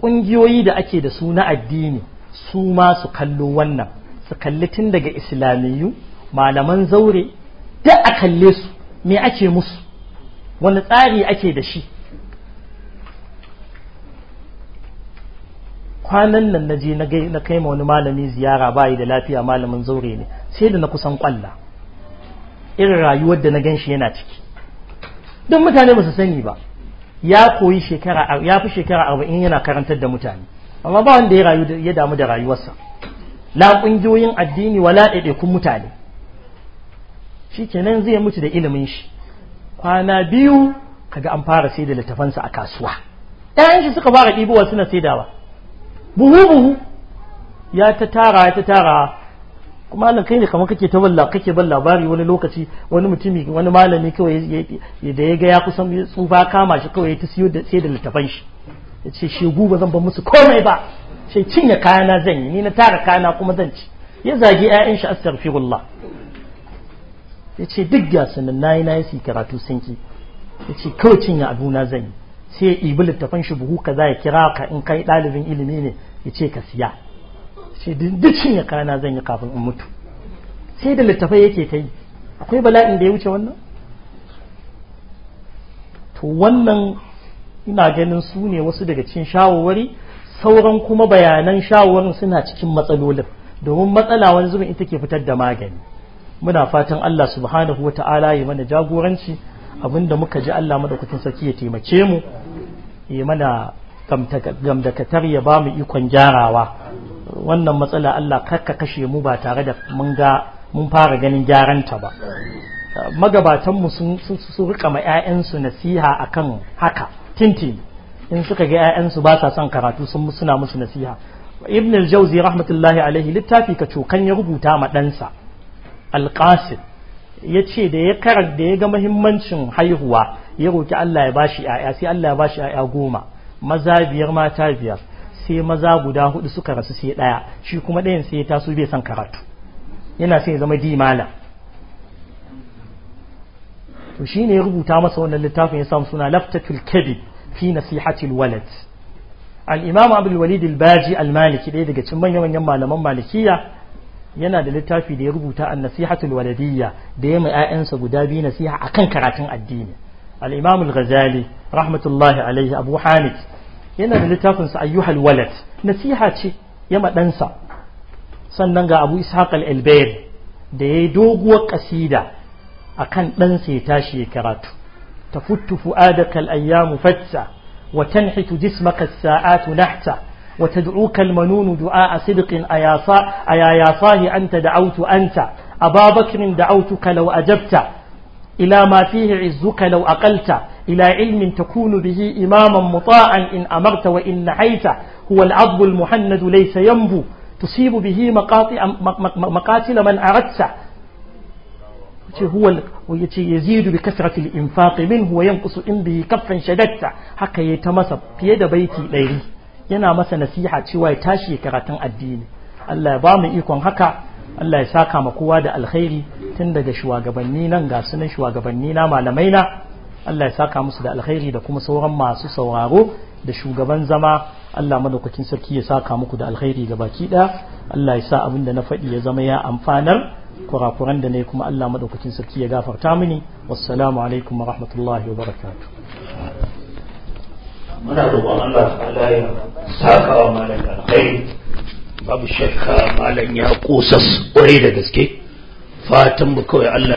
ƙungiyoyi da ake da su na addini su ma su kallo wannan su kalli tun daga islamiyu malaman zaure da a kalle su me ake musu wani tsari ake da shi kwanan nan na je na kai ma wani malami ziyara bayi da lafiya malamin zaure ne sai da na kusan kwalla irin rayuwar da na gan shi yana ciki don mutane ba su sani ba ya koyi shekara ya fi shekara arba'in yana karantar da mutane amma ba wanda ya rayu ya damu da rayuwarsa la kungiyoyin addini wala ɗaiɗaikun mutane shi kenan zai mutu da ilimin shi kwana biyu kaga an fara sai da littafansa a kasuwa ɗayan shi suka fara ɗibowa suna saidawa buhu buhu ya ta tara ya ta tara kuma nan kai ne kamar kake ta balla kake ban labari wani lokaci wani mutumi wani malami kawai da ya ga ya kusan tsufa kama shi kawai ta siyo da sai da littafan shi ya ce shegu ba zan ba musu komai ba ce cinye kayana zan yi ni na tara kayana kuma zan ci ya zagi 'ya'yan shi astaghfirullah ya ce duk ga sanin na yi na yi karatu sun ki ya ce kawai cinye abu na zan yi sai ya ibi littafan shi buhu kaza ya kira ka in kai ɗalibin ilimi ne ya ce ka siya duk cinye kayana zan yi kafin in mutu sai da littafai yake ta yi akwai bala'in da ya wuce wannan to wannan ina ganin su ne wasu daga cikin shawarwari sauran kuma bayanan shawarwarin suna cikin matsalolin domin matsala wani zubin ita ke fitar da magani muna fatan Allah subhanahu wata'ala ya mana jagoranci abinda muka ji Allah madaukakin sarki ya taimake mu ya mana gamdakatar ya ba mu ikon gyarawa wannan matsala Allah karka kashe mu ba tare da mun ga mun fara ganin gyaran ta ba magabatanmu sun rika ma 'ya'yansu nasiha akan haka tintin in suka ga 'ya'yansu ba sa son karatu sun suna musu nasiha ibn al-jawzi rahmatullahi alaihi littafi ka cokan ya rubuta ma ɗansa qasim ya ce da ya karar da ya ga muhimmancin haihuwa ya roki Allah ya bashi 'ya'ya sai Allah ya bashi 'ya'ya goma maza biyar mata biyar sai maza guda hudu suka rasu sai ɗaya shi kuma ɗayan sai ya taso bai son karatu yana sai ya zama dimala to shine ya rubuta masa wannan littafin ya samu suna laftatul kabid fi nasihatil walad al-imam walid al-baji al-maliki daga cikin manyan manyan malaman malikiya yana da littafi da ya rubuta an nasihatul waladiyya da ya mai ƴaƴansa guda biyu nasiha akan karatun addini al-imam al-ghazali rahmatullahi alaihi abu hamid yana da littafin sa ayyuhal walad nasiha ce ya madansa sannan ga abu ishaq al-albayr da yayi doguwar kasida akan dan sai tashi ya karatu tafuttu fu'adaka al-ayyamu fatsa wa tanhitu jismaka as-sa'atu nahta wa tad'uka al-manun du'a sidqin ayasa ayayasahi anta da'awtu anta ababakrin da'awtuka law ajabta ila ma fihi 'izzuka law aqalta ila ilmin takunu bihi imaman muta'an in amarta wa in nahaita huwa al هو al-muhannad laysa yanbu تصيب به مقاتل من أردت ce huwa yace yazidu bi kasrati al-infaq minhu wa yanqusu in bi kaffan shadatta haka yayi ta masa fiye da baiti 100 yana masa nasiha cewa ya tashi karatun addini Allah ya ba mu ikon haka Allah ya saka ma kowa da alkhairi tun daga shugabanni nan ga sunan shugabanni na malamai na Allah ya saka musu da alkhairi da kuma sauran masu sauraro da shugaban zama Allah madaukakin sarki ya saka muku da alkhairi ga baki ɗaya Allah ya sa abin da na faɗi ya zama ya amfanar kurakuran da ne kuma Allah madaukakin sarki ya gafarta mini wassalamu alaikum wa rahmatullahi wa barakatu muna roƙon Allah ya saka wa malam alkhairi babu shakka malam ya kusa kwarai da gaske fatan mu kawai Allah